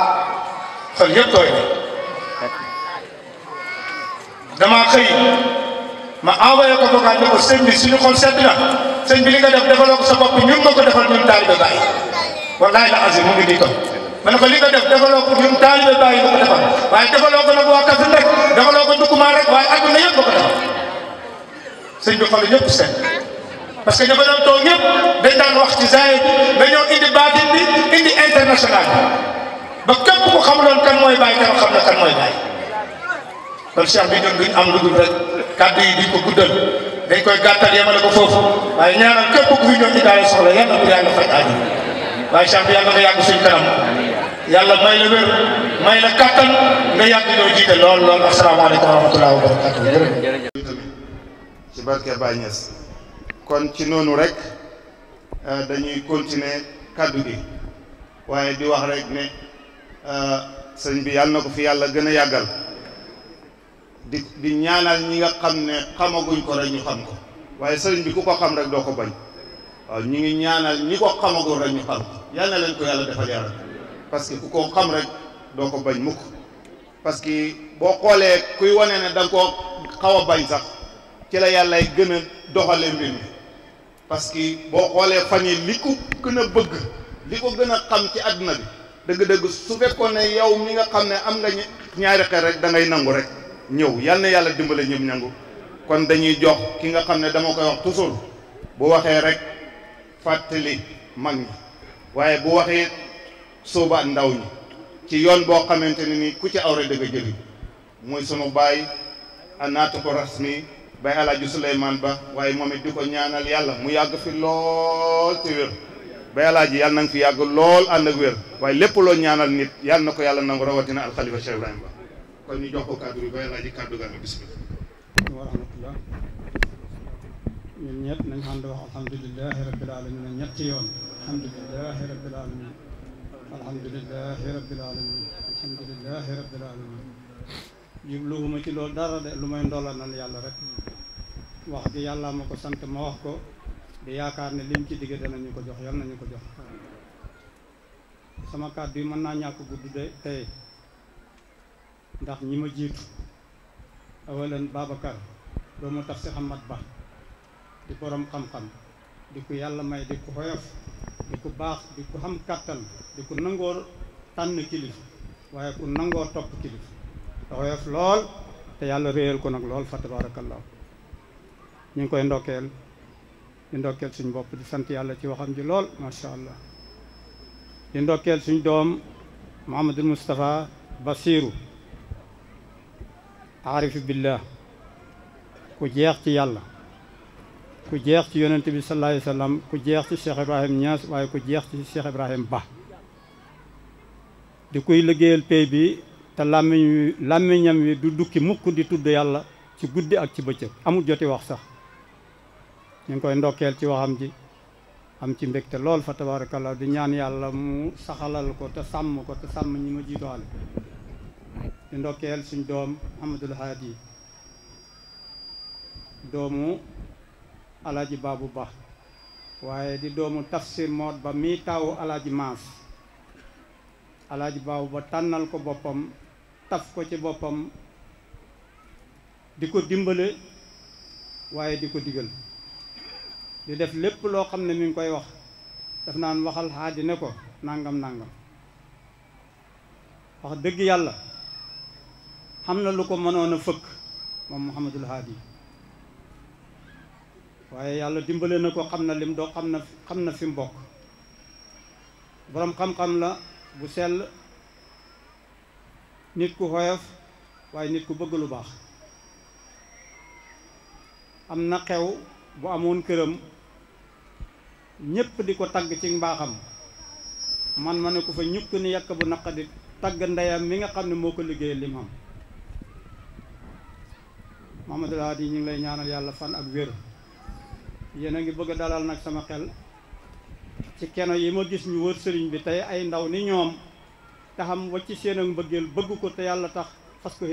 damaa xëy ma envoyé ko vocal ne ko sëñ bi suñu na sëñ bi li nga def defaloo ko sa bopp ñun nga ko defal ñun taalibe Baay wallahi la azim mu ngi di kon ma ne ko li nga def defaloo ko ñun taalibe bàyyi ba ko defal waaye defaloo ko nag waa Kaffrine rek defaloo ko Ndoukoumane rek waaye àdduna yëpp ba ko defal sëñ bi xool ñëpp seen parce que ña fa doon toog ñëpp dañ daan wax ci zaahir bi mais ñoo indi baatin bi indi international bi ba képp ku xamuloon kan mooy bàyyi kan xam na kan mooy bàyyi kon cheikh bi ñun duñ am lu dul rek kàddu yi duñ ko guddal dañ koy gàttal yemale ko foofu waaye ñaanal képp ku fi ñëw ci daal soxla yàlla bu yàlla faj aaju waaye Cheikh bi yàlla nga yàgg suñ kanam yàlla may la wér may la kàttan nga yàgg ñoo jiite lool lool asalaamaaleykum wa rahmatulah wa barakatu jërëjëf ci barke Baye Niass kon ci noonu rek euh, dañuy continuer kàddu gi waaye di wax rek ne euh, sëñ bi yàlla na ko fi yàlla gën a yàggal di di ñaanal ñi nga xam ne xamaguñ ko rek ñu xam ko waaye sëriñ bi ku ko xam rek doo ko bañ waaw ngi ñaanal ñi ko xamagul rek ñu xam yal na leen ko yàlla defal yàlla parce que ku ko xam rek doo ko bañ mukk parce que boo xoolee kuy wane ne da nga koo xaw a bañ sax ci la yàllay gën a doxalee mbir mi parce que boo xoolee fan yi li ko gën a bëgg li ko gën a xam ci àdduna bi dëgg-dëgg su fekkoon ne yow mi nga xam ne am nga ñaari xel rek da ngay nangu rek ñëw yal na yàlla dimbale ñëpp nangu kon dañuy jox ki nga xam ne dama koy wax toujours bu waxee rek. fàttali mag ñi waaye bu waxee sóobaat ndaw ñi ci yoon boo xamante ne ni ku ci awra dëgg jëli muy sunu baay anaatu ko rasmi bay alaaju Souleymane Ba waaye moom it di ko ñaanal yàlla mu yàgg fi lool te wér bay alaaji yàlla na fi yàgg lool ànd ak wér waaye lépp loo ñaanal nit yàlla na ko yàlla nangu rawatina alxalifa Cheikh Ibrahima Ba kon ñu jox ko kàddu bay alaaji kàddu ga bismillah ñun ñett nañ xànd wax alhamdulilahi rabbil alamina ñetti yoon alhamdulilahi rabbil alamina alhamdulilahi rabbil alamina alhamdulilahi rabbil alamina jubluwuma ci loolu dara de lu may ndola nan yàlla rek wax gi yàlla ma ko sant ma wax ko di yaakaar ne liñ ci digge danañu ko jox yal nañu ko jox sama kàddu yi mën naa ñàkk gudd de tey ndax ñi ma jiitu awalan Babacar doomu taf si Hamad Ba di borom xam-xam di ku yalla may di ku xoyof di ku bax di ku xam katan di ku nangoo tànn kilifa waaye ku nangoo topp kilifa te xoyof lol te yalla reeyal ko nak lol fa tabarakallahu ñu ngi koy ndokel di ndokel suñu bop di sant yalla ci waxam ji ma sha allah di ndokel suñu dom muhammad mustafa Basiru arif billah ku jeex ci yalla ku jeex ci yonent bi sallallahu alayhi wa sallam ku jeex ci Cheikh Ibrahim Niass waaye ku jeex ci Cheikh Ibrahim Ba di kuy liggéeyal pay bi te làmmiñ wi làmmiñam wi du dukki mukk di tudd yàlla ci guddi ak ci bëccëg amul joti wax sax ñu ngi koy ndokkeel ci waxam ji am ci mbégte lool fa tabarakallah di ñaan yàlla mu saxalal ko te sàmm ko te sàmm ñi ma jiitoole di ndokkeel suñ doom Amadul Haadi doomu alaaji baabu ba waaye di doomu tafsir moot ba mii taawu alaaji maas alaaji baabu ba tànnal ko boppam taf ko ci boppam di ko dimbale waaye di ko digal di def lépp loo xam ne mi ngi koy wax daf naan waxal xaadi ne ko nangam nangam wax dëgg yàlla xam na lu ko mënoon a fëkk moom Muhammadul Haadi waaye yàlla dimbale na ko xam na lim doo xam na xam na fi mu bokk boroom xam-xam la bu sell nit ku xoyof waaye nit ku bëgg lu baax am na xew bu amoon këram ñépp di ko tagg ci mbaaxam man ma ne ko fa ñukk ni yàkk bu naqadi tagg ndeyam mi nga xam ne moo ko liggéeyal li mu am Mamadou yi ñu ngi lay ñaanal yàlla fan ak wér yéen a ngi bëgg dalal nag sama xel ci keno yi ma gis ñu wër sëriñ bi tey ay ndaw ni ñoom te xam wàcc seen ak mbëggeel bëgg ko te yàlla tax fas ko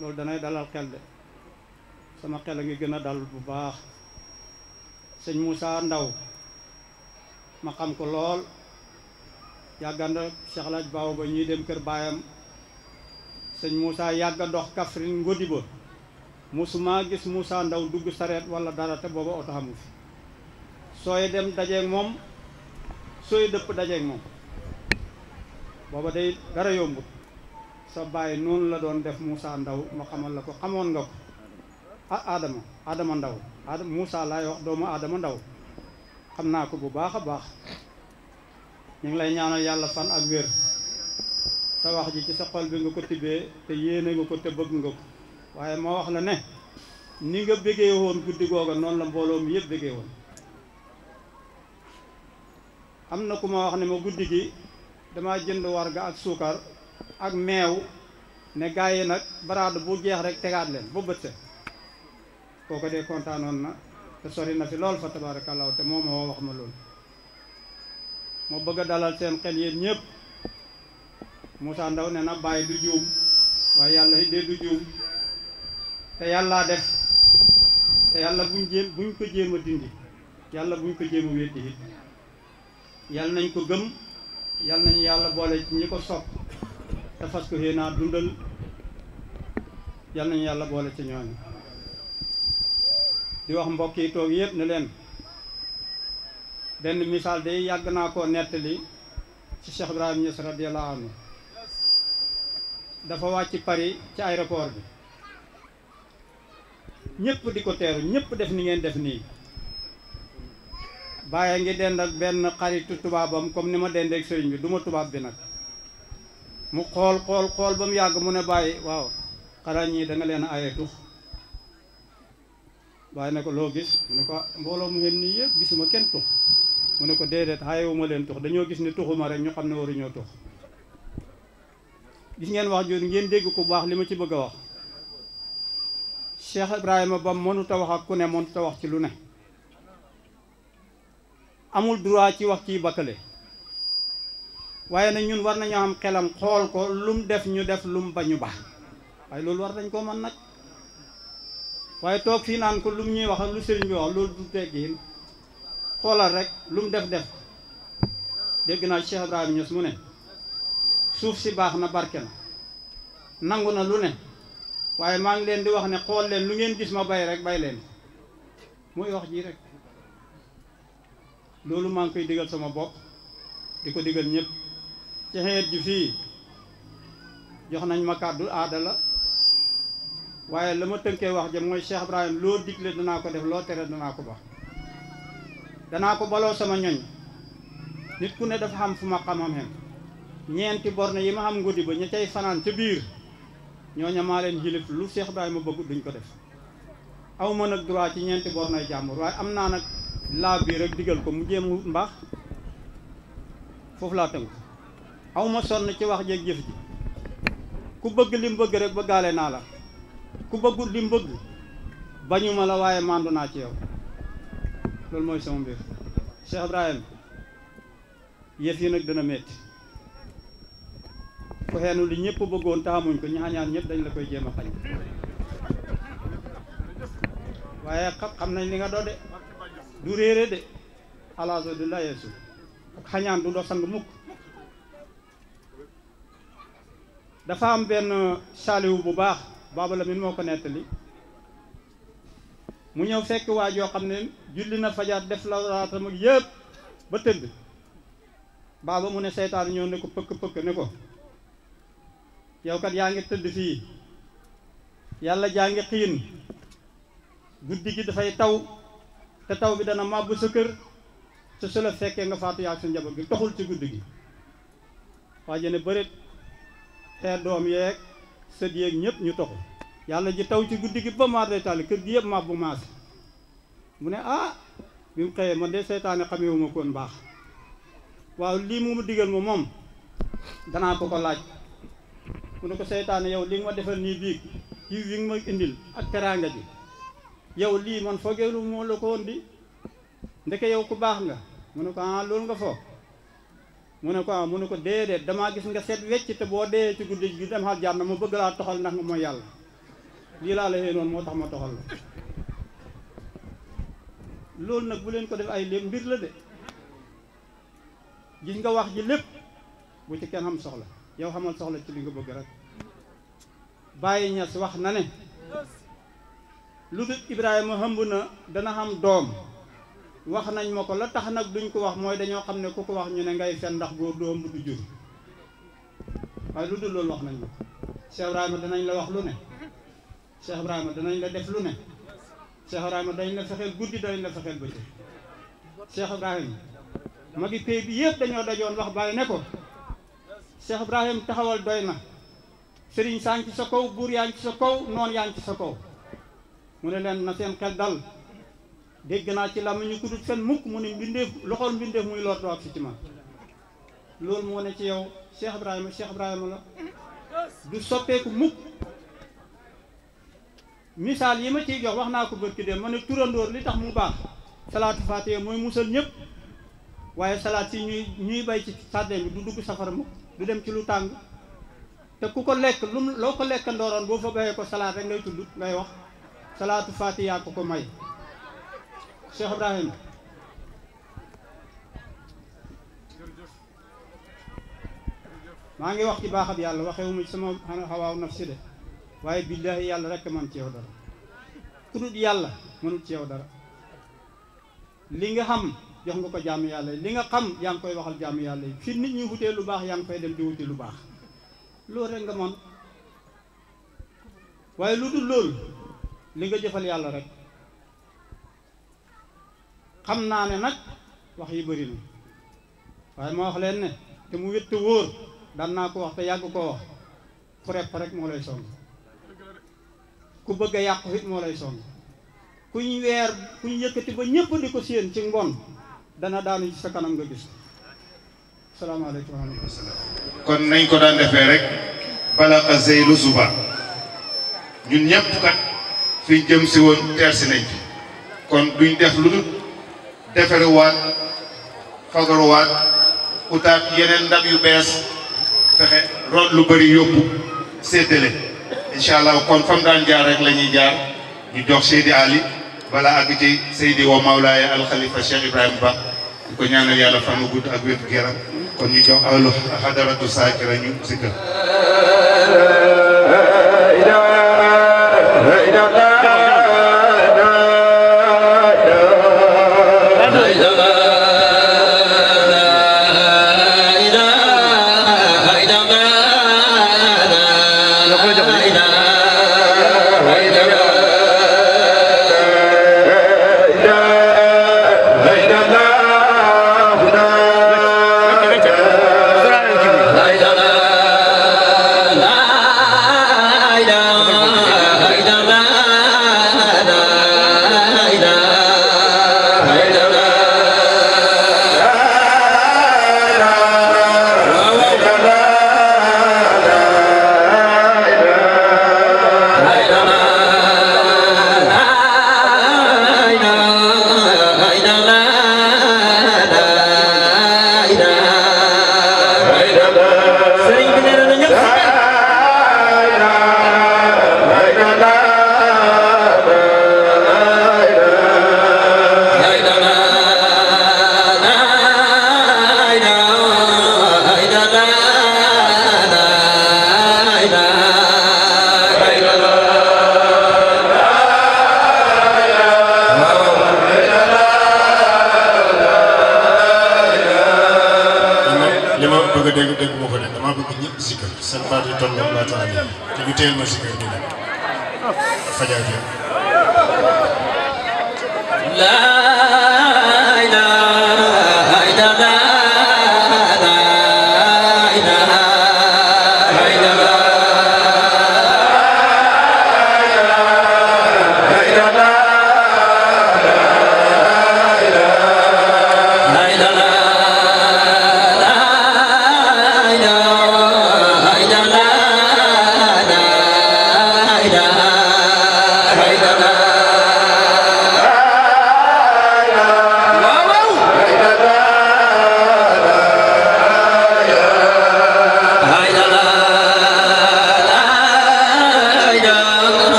loolu danay dalal xel de sama xel a ngi gën a dal bu baax sëñ Moussa Ndaw ma xam ko lool yàgganda Cheikh Laaj Baaw ba ñuy dem kër baayam sëñ Moussa yàgga dox Kaffrine musuma gis Moussa Ndaw dugg sareet wala dara te booba oto xamu fi sooy dem dajeeg moom sooy dëpp dajeeg moom booba day dara yombut sa baay noonu la doon def Moussa Ndaw ma xamal la ko xamoon nga ko ah Adama Adama Ndaw Adama Moussa laay wax doomu aadama Ndaw xam naa ko bu baax a baax ñu ngi lay ñaanal yàlla fan ak wér sa wax ji ci sa xol bi nga ko tibbee te yéene nga ko te bëgg nga ko waaye moo wax la ne ni nga bëggee woon guddi googa noonu la mbooloo mi yëpp bëggee woon am na ku ma wax ne ma guddi gi damaa jënd war warga ak suukar ak meew ne gaa yi nag baraadu bu jeex rek tegaat leen bu bët koo kooko dee kontaanoon na te sori na fi lool fa tabaarakallaahu te moo ma woo wax ma lool ma bëgg a dalal seen xel yéen ñëpp Moussa Ndaw ne na bàyyi du juum waaye yàlla yi dee du juum te yàllaa def te yàlla buñ jéem buñ ko jéem dindi yàlla buñ ko jéem a weddi yàlla nañ ko gëm yàlla nañu yàlla boole ci ñi ko sopp te yàlla boole ci ñooñu di wax mbokk yi toog yëpp ne leen benn misaal de yàgg naa koo nettali ci Cheikh Ibrahima Niass radiyallahu anhu dafa wàcc Paris ci aéroport bi ñépp di ko teeru ñëpp def ni ngeen def nii bàyyi ngi dend ak benn xaritu tubaabam comme ni ma dendeeg sëriñ bi du ma tubaab bi nag mu xool xool xool ba mu yàgg mu ne bàyyi waaw xanaa ñii da leen aye tux bàyyi ne ko loo gis mu ne ko ah, mbooloo mu ngeen nii yëpp gisuma kenn tux mu ne ko déedéet ayewuma leen tux dañoo gis ni tuxuma rek ñu xam ne waruñoo tux gis ngeen wax jooju ngeen dégg ko baax li ma ci bëgg a wax Cheikh Ibrahima ba mënut a wax ak ku ne mënut a ci lu ne amul droit ci wax kii bakkale waaye nag ñun war nañoo am xelam xool ko lum def ñu def lum ba ñu ba waaye loolu war dañ koo mën nag waaye toog fii naan ko lum ñuy wax lu sëriñ bi wax loolu du teggiin xoolal rek lum def def dégg naa Cheikh Ibrahima Niass mu ne suuf si baax na barke na nangu na lu ne waye ma ngi leen di wax ne xol leen lu ngeen gis ma bay rek bay len mooy wax ji rek lolu ma ngi koy digal sama bop di ko digal ñëpp ci xeet ju fi jox nañ ma kaddu aada la waaye la ma wax je moy Cheikh Ibrahim lo diglé dana ko def lo téré dana ko bax dana ko balo sama ñoñ nit ku ne dafa xam fu ma xamam hen ñeenti borne yi ma xam ba ñay fanaan ca ñooña maa leen xilif lu Cheikh Ibrahima bëgg duñ ko def aw ma nag droit ci ñeenti bor nay jàmbur waaye am naa nag laa bii rek digal ko mu jéem mbaax foofu laa tënk aw ma sonn ci wax jeeg yëf ji ku bëgg li mu bëgg rek bëggaale naa la ku bëggul li mu bëgg bañu ma la waaye mandu naa ci yow loolu mooy sama mbir Cheikh Ibrahima yëf yi nag dana metti ku xeenu li ñëpp bëggoon taamuñ ko ñaañaan ñëpp dañ la koy jéem a xañ waaye xam nañ li nga doo de du réere de alaaso di xañaan du doo sang mukk dafa am benn saaliwu bu baax baaba min moo ko nettali mu ñëw fekk waa joo xam ne julli na fajaat def la raatam ak yëpp ba tëdd baaba mu ne seytaan ñëw ne ko pëkk pëkk ne ko yow kat yaangi teud fi yalla jaangi xiin guddi gi fay taw te taw bi dana mabbu sa keur te su fekke nga faatu yaak sa njaboot gi taxul ci guddi gi waa ne bërit te doom yeek sët yeek ñëpp ñu toxu yalla ji taw ci guddi gi ba ma re tal keur gi yeb mabbu maas mu ne ah bi mu xëyee man de seytaane xamewuma koon baax waaw li mu digel mo mom dana ko ko laaj mu ko setan yow li nga defal ni biig yiw yi nga ma indil ak teranga ji yow li man fogelu mo lo ko ndi ndeke yow ku bax nga mu ko ha ah, lol nga fo mu ko ah mu ko dede dama gis nga set wecc te bo de ci guddi gi dem xal jànn mo beug la toxal nak mo yalla li lii laa la yéenoon tax ma toxal lol nak bu len ko def ay lem mbir la de gis nga wax ji lepp bu ci ken xam soxla yaw xamal soxla ci li nga bëgg rek Baye Niass wax na ne lu dul Ibrahima hëmb na dana xam doom wax nañ ma ko la tax nag duñ ko wax mooy dañoo xam ne ku ko wax ñu ne ngay fen ndax góor du hëmb du jur waaye lu dul loolu wax nañ ma ko Cheikh danañ la wax lu ne Cheikh Ibrahima danañ la def lu ne Cheikh Ibrahima dañ la fexeel guddi dañ la fexeel bëccëg Cheikh Ibrahima magi pay bi yëpp dañoo dajoon wax Baye ne ko Cheikh Ibrahim taxawal doy na sëriñ saa ci sa kaw buur yaa ci sa kaw noon yaa ci sa kow mu ne leen na seen xel dal dégg naa ci làmmiñ ñu kudut fen mukk mu ne mbindeef loxool mbindeef muy loor doo ak ci man loolu moo ne ci yow Cheikh Ibrahima Cheikh Ibrahima la du soppeeku mukk misaal yi ma ciy jox wax naa ko bërki dem ma ne turandóor li tax mu baax salaatu faatee mooy musal ñëpp waaye salaat si ñuy ñuy bay ci sàddee bi du dugg safara mukk lu dem ci lu tàng te ku ko lekk lu loo ko lekk ndooroon boo fa bayee ko salaat rek ngay tudd ngay wax salaatu fatiha ko ko may Cheikh Ibrahima maa ngi wax ci baaxab yàlla waxewuma ci sama xawaaw nafsi de waaye billaahi yàlla rek man ci yow dara ku dul yàlla mënul ci dara li nga xam jox nga ko jaamu yàlla li nga xam yaa ngi koy waxal jaamu yàlla yi fi nit ñi wutee lu baax yaa ngi fay dem di wuti lu baax loolu rek nga mën waaye lu dul loolu li nga jëfal yàlla rek xam naa ne nag wax yi bëri waaye ma wax leen ne te mu wétt wóor daan naa ko wax te yàgg koo wax prep rek moo lay song ku bëgg a yàqu it moo lay song kuñ weer kuñ yëkkati ba ñëpp di ko séen ci ngoon dana daanu ci sa kanam nga gis salaamaaleykum wa rahmatulah kon nañ ko daan defee rek balaxa zeylu suba ñun ñëpp kat fi jëm si woon teer si nañ kon duñ def lu dul defaruwaat fagaruwaat utaat yeneen ndab yu bees fexe root lu bëri yóbbu séddale incha allah kon fam daan jaar rek la ñuy jaar ñu jox Seydi Ali balaa àgg ci Seydi wa Mawlaaya alxalifa Cheikh Ibrahima Ba di ko ñaanal yàlla fan gudd ak wér gu yaram kon ñu jox ahlu xadaratu saakira ñu sikkar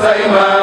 Saima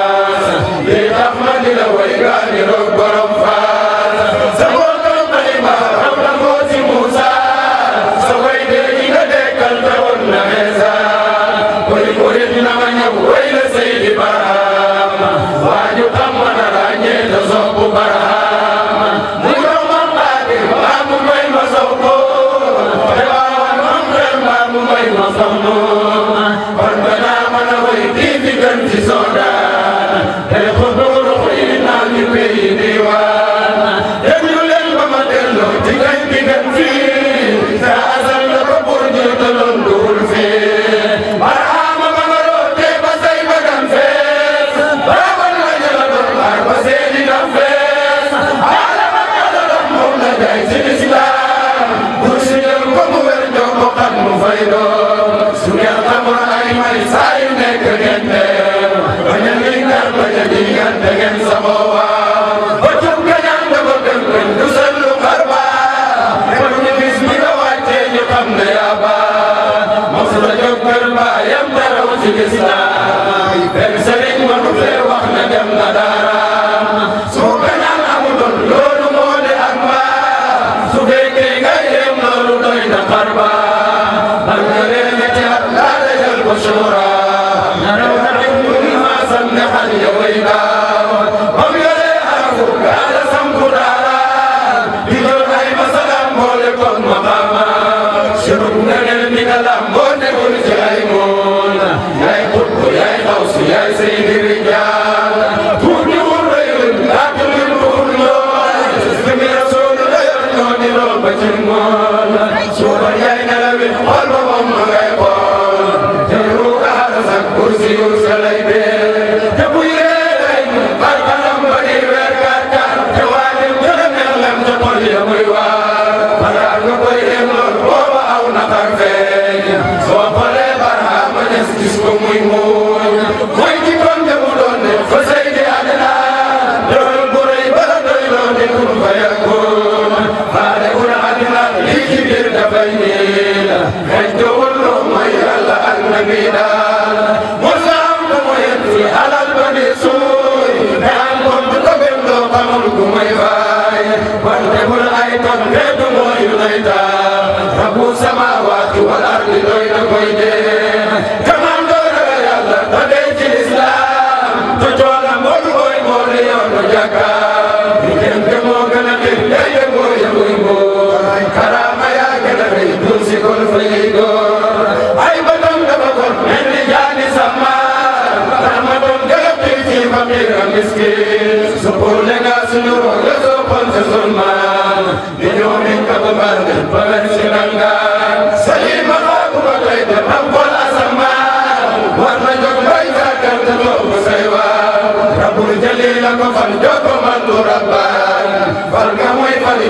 lislaam benn sëriñ mënu fee wax na dem na daara su ko ñaan amutoon loolu moo di ak mbaa su fekkee ngay dem loolu doy na xarba bal nga leen ñetti at laata jël ko suura na raw na rek mu ngi maasam ne xal yow Rabu samawati wal ardi doy na koy dee miski so pole ga sunu ro so pon so man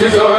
It is all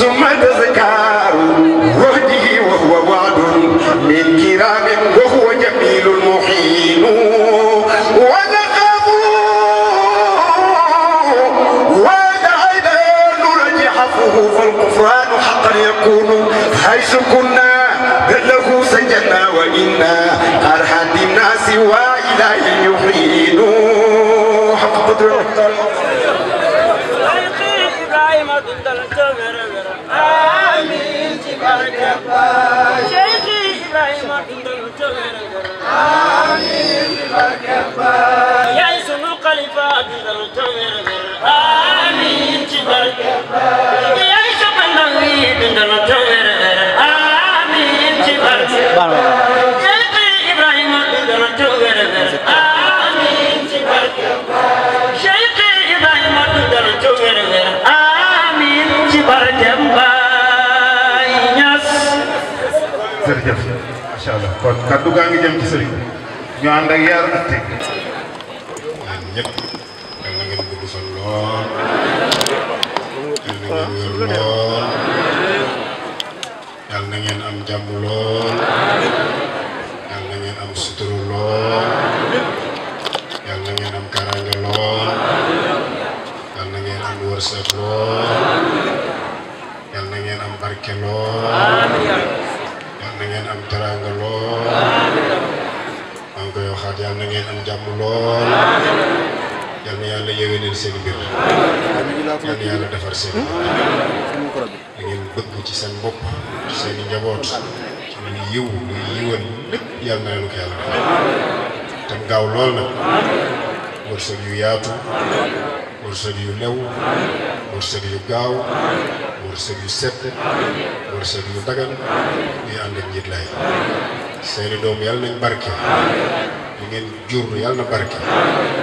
ثم تذكار وحده وهو وعد من كرام وهو جميل المحيين فالكفران حقا يكون حيث كنا له سجنا وإنا أرحد الناس وإلهي يحيين dundal te wéral dara. amiin sunu xalifa dundal te wéral dara. amiin ci barke Baay. yaay soppandal wi dundal te wéral dara. amiin ci kon kaddu gaa ngi jëm ci sëriñ ñu ànd ak teg muy yiw muy yiwan lépp yàlla na lu ko yàlla gaaw lool na wërsëg yu yaatu wërsëg yu lew wërsëg yu gaaw wërsëg yu set wërsëg yu dagan yu ànd ak njiit lay seeni doom yàlla nañ barke li ngeen jur yàlla na barke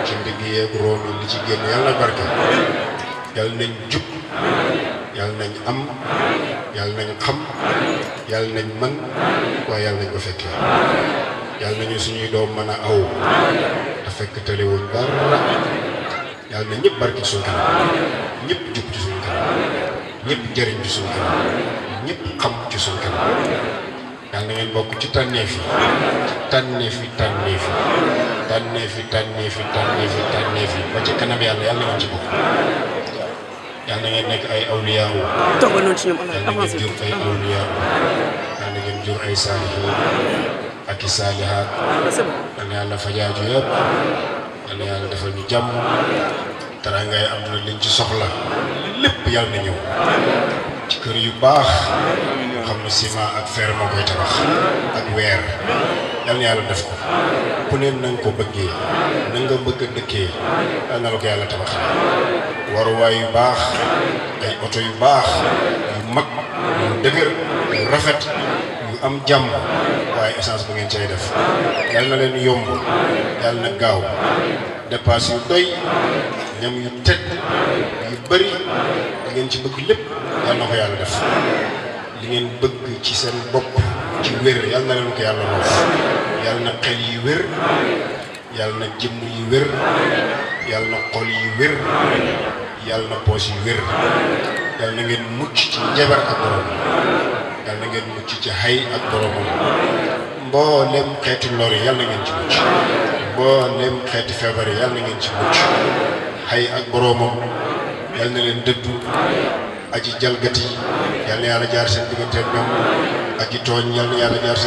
ci ndigg yeeg room yi li ci génn yàlla na barke yàlla nañ jub yàlla nañ am yàlla nañ xam yàlla nañ man waaye yàlla nañ ko fekkee yàlla nañu suñuy doom mën a aw te fekk tëlewuñ yàlla na ñëpp barki ci suñu kanam jub ci suñu kanam ñëpp ci suñu kanam xam ci suñu yàlla na ngeen bokk ci tànneef yi tànneef yi tànneef yi tànneef yi tànneef yi tànneef yi tànneef yi ba ci kanam yàlla yàlla na ci bokk yàlla na ngeen nekk ay awliyaa toogal noonu ci ñoom yàlla na ngeen jur ay awliyaa yang na ngeen jur ay saalihiin ak i saalihaat yàlla yàlla fajaaju defal ñu liñ ci soxla ci kër yu baax xam ne ciment ak fer moo koy tabax ak weer yal na yàlla def ko ku ne na ko bëggee na nga bëgg a dëkkee yal na la ko yàlla tabax waruwaay yu baax ay oto yu baax yu mag yu dëgër yu rafet yu am jàmm waaye essence bu ngeen cay def yal na leen yomb yal na gaaw dépasse yu doy ñam yu teg yu bëri da ngeen ci bëgg lépp yàlla na ko yàlla def li ngeen bëgg ci seen bopp ci wér yàlla na leen ko yàlla moof yàlla na xel yi wér yàlla na jëmm yi wér yàlla na xol yi wér yàlla na na ngeen mucc ci njabar ak borom yàlla na ngeen mucc ci xay ak boromam mboolem xeeti lor yi yàlla na ngeen ci mucc mboolem xeeti feebar yi yàlla na ngeen ci mucc xay ak boroomam yal na leen dëddu aji jalgati yal na yàlla jaar seen diggante ak ñoom aji tooñ yal na yàlla yàlla jaar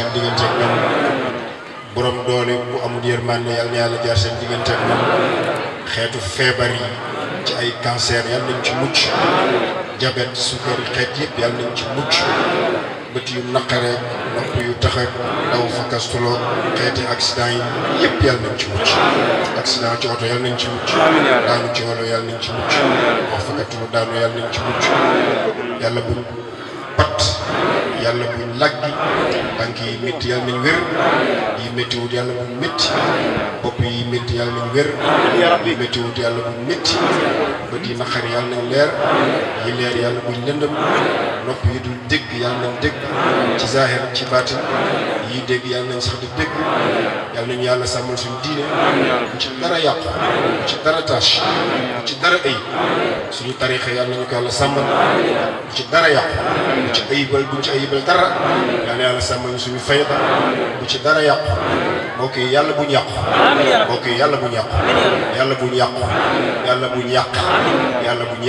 seen diggante ak xeetu feebar yi ci ay cancer yal nañ ci mucc jabet sukkari xeet yëpp yal nañ ci mucc bët yu naqaree nopp yu taxak daw fa kastuloo xeeti accident yi yëpp yàlla nañ ci mucc accident ci oto ci mucc yàlla nañ ci mucc yi métti yàlla yàlla buñ métti bopp yi métti yàlla buñ leer yi leer yàlla buñ lëndëm nopp yi dul dégg yàlla nañ dégg ci zaahir ci baatin yi dégg yàlla nañ sax di dégg yàlla nañu yàlla sàmmal suñu diine bu ci dara yàq bu ci dara tâche bu ci dara ay suñu tariixa yàlla nañu ko yàlla bu ci dara yàq bu ci ayibal bu ci dara yàlla na yàlla suñu fayda bu ci dara yàq mbokk yi yàlla bu yàq mbokk yàlla buñ yàq yàlla buñ yàq yàlla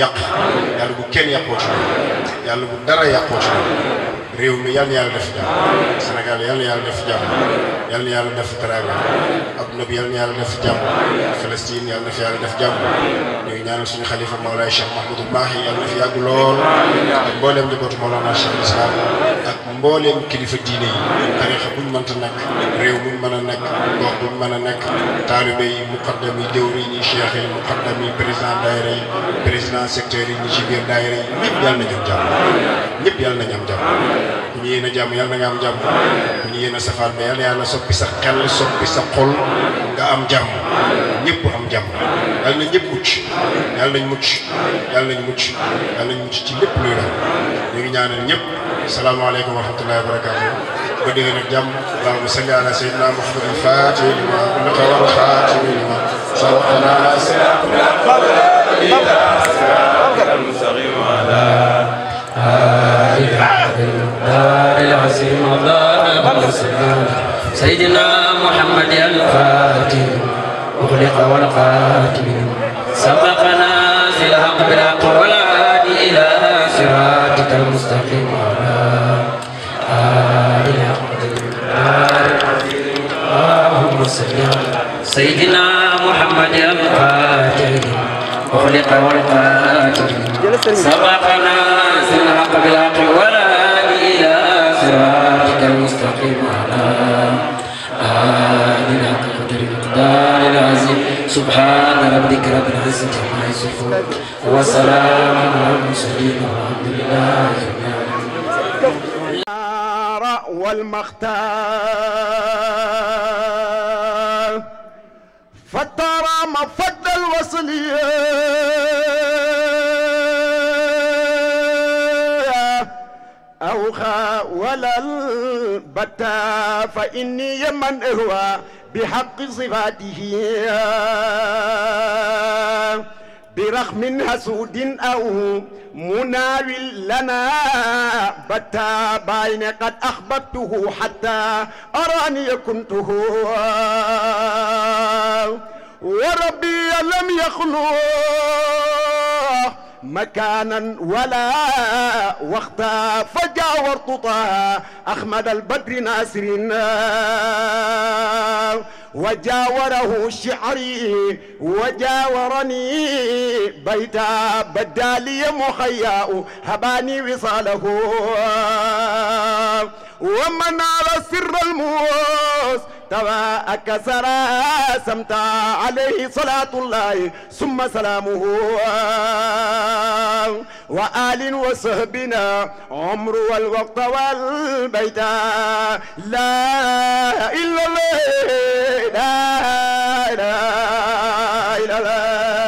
yàq yàlla buñ bu kenn yàqoo ci yàlla bu dara yàqoo ci réew mi yal na yàlla def na yàlla def jàmm yal yàlla def teraanga adduna bi yal na yàlla def jàmm Palestine na fi yàlla def jàmm ñuy ñaanal suñu xalifa Mawlaay Cheikh Mahmoudou Mahi yal na fi yàgg lool ak mbooleem njabootu Mawlaana Cheikh Islam ak mbooleem kilifa diine yi tarixa buñ mënta nekk réew mu mën a nekk gox buñ mën a nekk taalibe yi muqaddam yi jëwriñ yi cheikh yi muqaddam yi président yi président secteur yi ñi ci biir daayira yi ñëpp yal na ñam jàmm ñëpp yal na ñam jàmm bu na jam jàmm na nga am jàmm bu ñu yéene safaan bi nyepu soppi sa xel soppi sa xol nga am jàmm ñëpp am jàmm yàlla na ñëpp mucc yàlla nañ mucc yàlla nañ mucc yàlla nañ mucc ci lépp luy ñu wa rahmatullahi wa barakatuh العظيم اللهم صل سيدنا محمد الفاتح أغلق والقاتم سبقنا في الحق بالحق والعادي إلى صراطك المستقيم على آل اللهم صل سيدنا محمد الفاتح أغلق والقاتم سبقنا في الحق بالحق والعادي إلى صراطك المستقيم على آل قدر مقدار العزيز سبحان ربك رب العزة عما يصفون وسلام على المرسلين والحمد لله والمختار فترى مفد الوصليه بتا فإني يمن هو بحق صفاته برغم حسود أو مناول لنا بتا بين قد أخبرته حتى أراني كنته وربي لم يخلو مكانا ولا وقتا فجاورت طه أحمد البدر ناصر وجاوره شعري وجاورني بيتا بدالي مخياء هباني وصاله ومن على سر الموس تبا أكسرا سمتا عليه صلاة الله ثم سلامه وآل وصحبنا عمر والوقت والبيت لا إلا الله لا إله إلا الله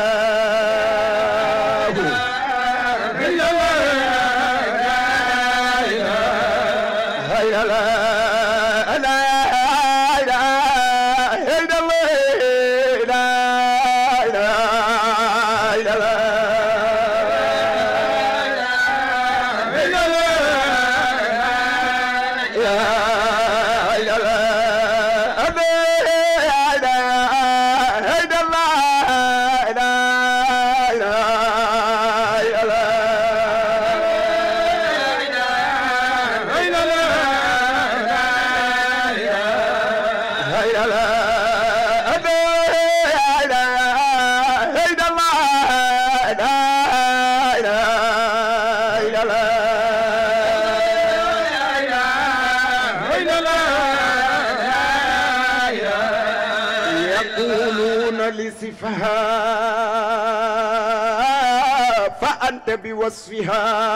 وصفها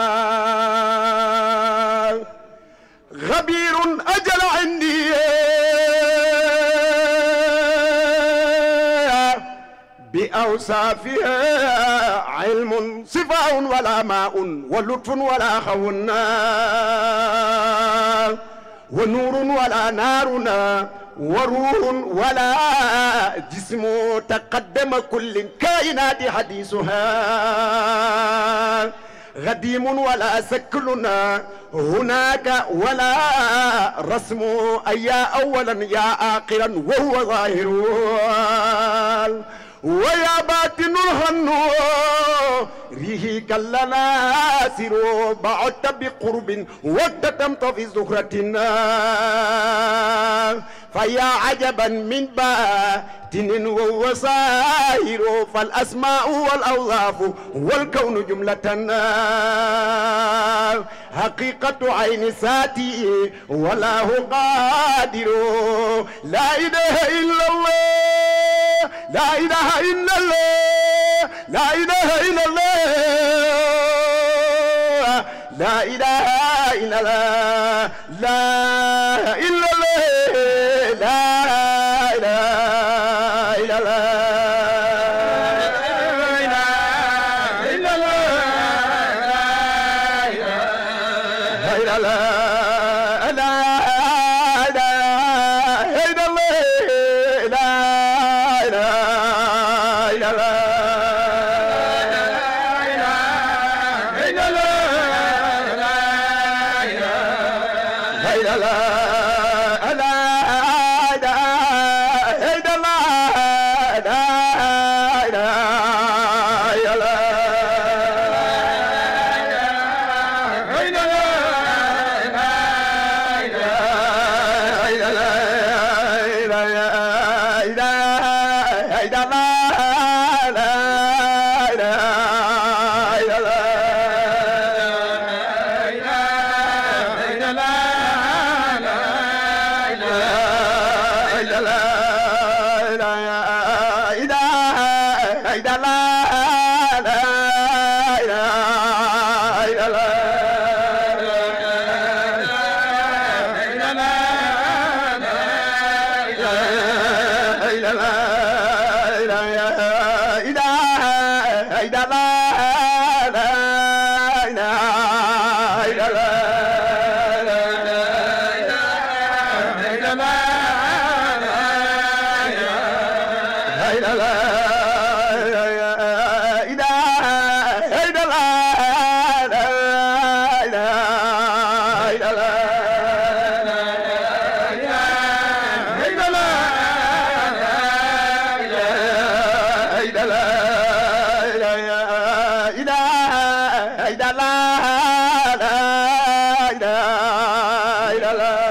غبير أجل عندي بأوصافها علم صفاء ولا ماء ولطف ولا خونا ونور ولا نارنا وروح ولا جسم تقدم كل كائنات حديثها غديم ولا سكلنا هناك ولا رسم أي أولا يا آخرا وهو ظاهر ويا باطن الهن ريه كلنا سيرو بعدت بقرب وقتتمت في زهرتنا فيا عجبا من باتن وهو صائر فالأسماء والأوصاف والكون جملة حقيقة عين ساتي ولا هو قادر لا إله إلا الله لا إله إلا الله لا إله إلا الله لا إله إلا الله لا إله إلا الله Allah. yàlla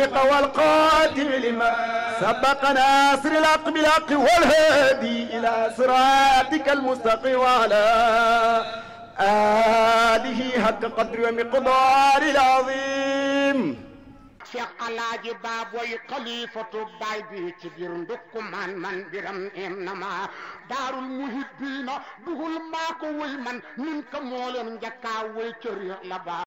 المغلق والقادم لما سبق ناصر الاقملاق والهادي الى صراطك المستقيم وعلى اله حق قدر ومقدار العظيم في قلاج باب وي خليفة باي بي تبير من من برم ام نما دار المهدين بغل ماكو وي من من جكا وي لبا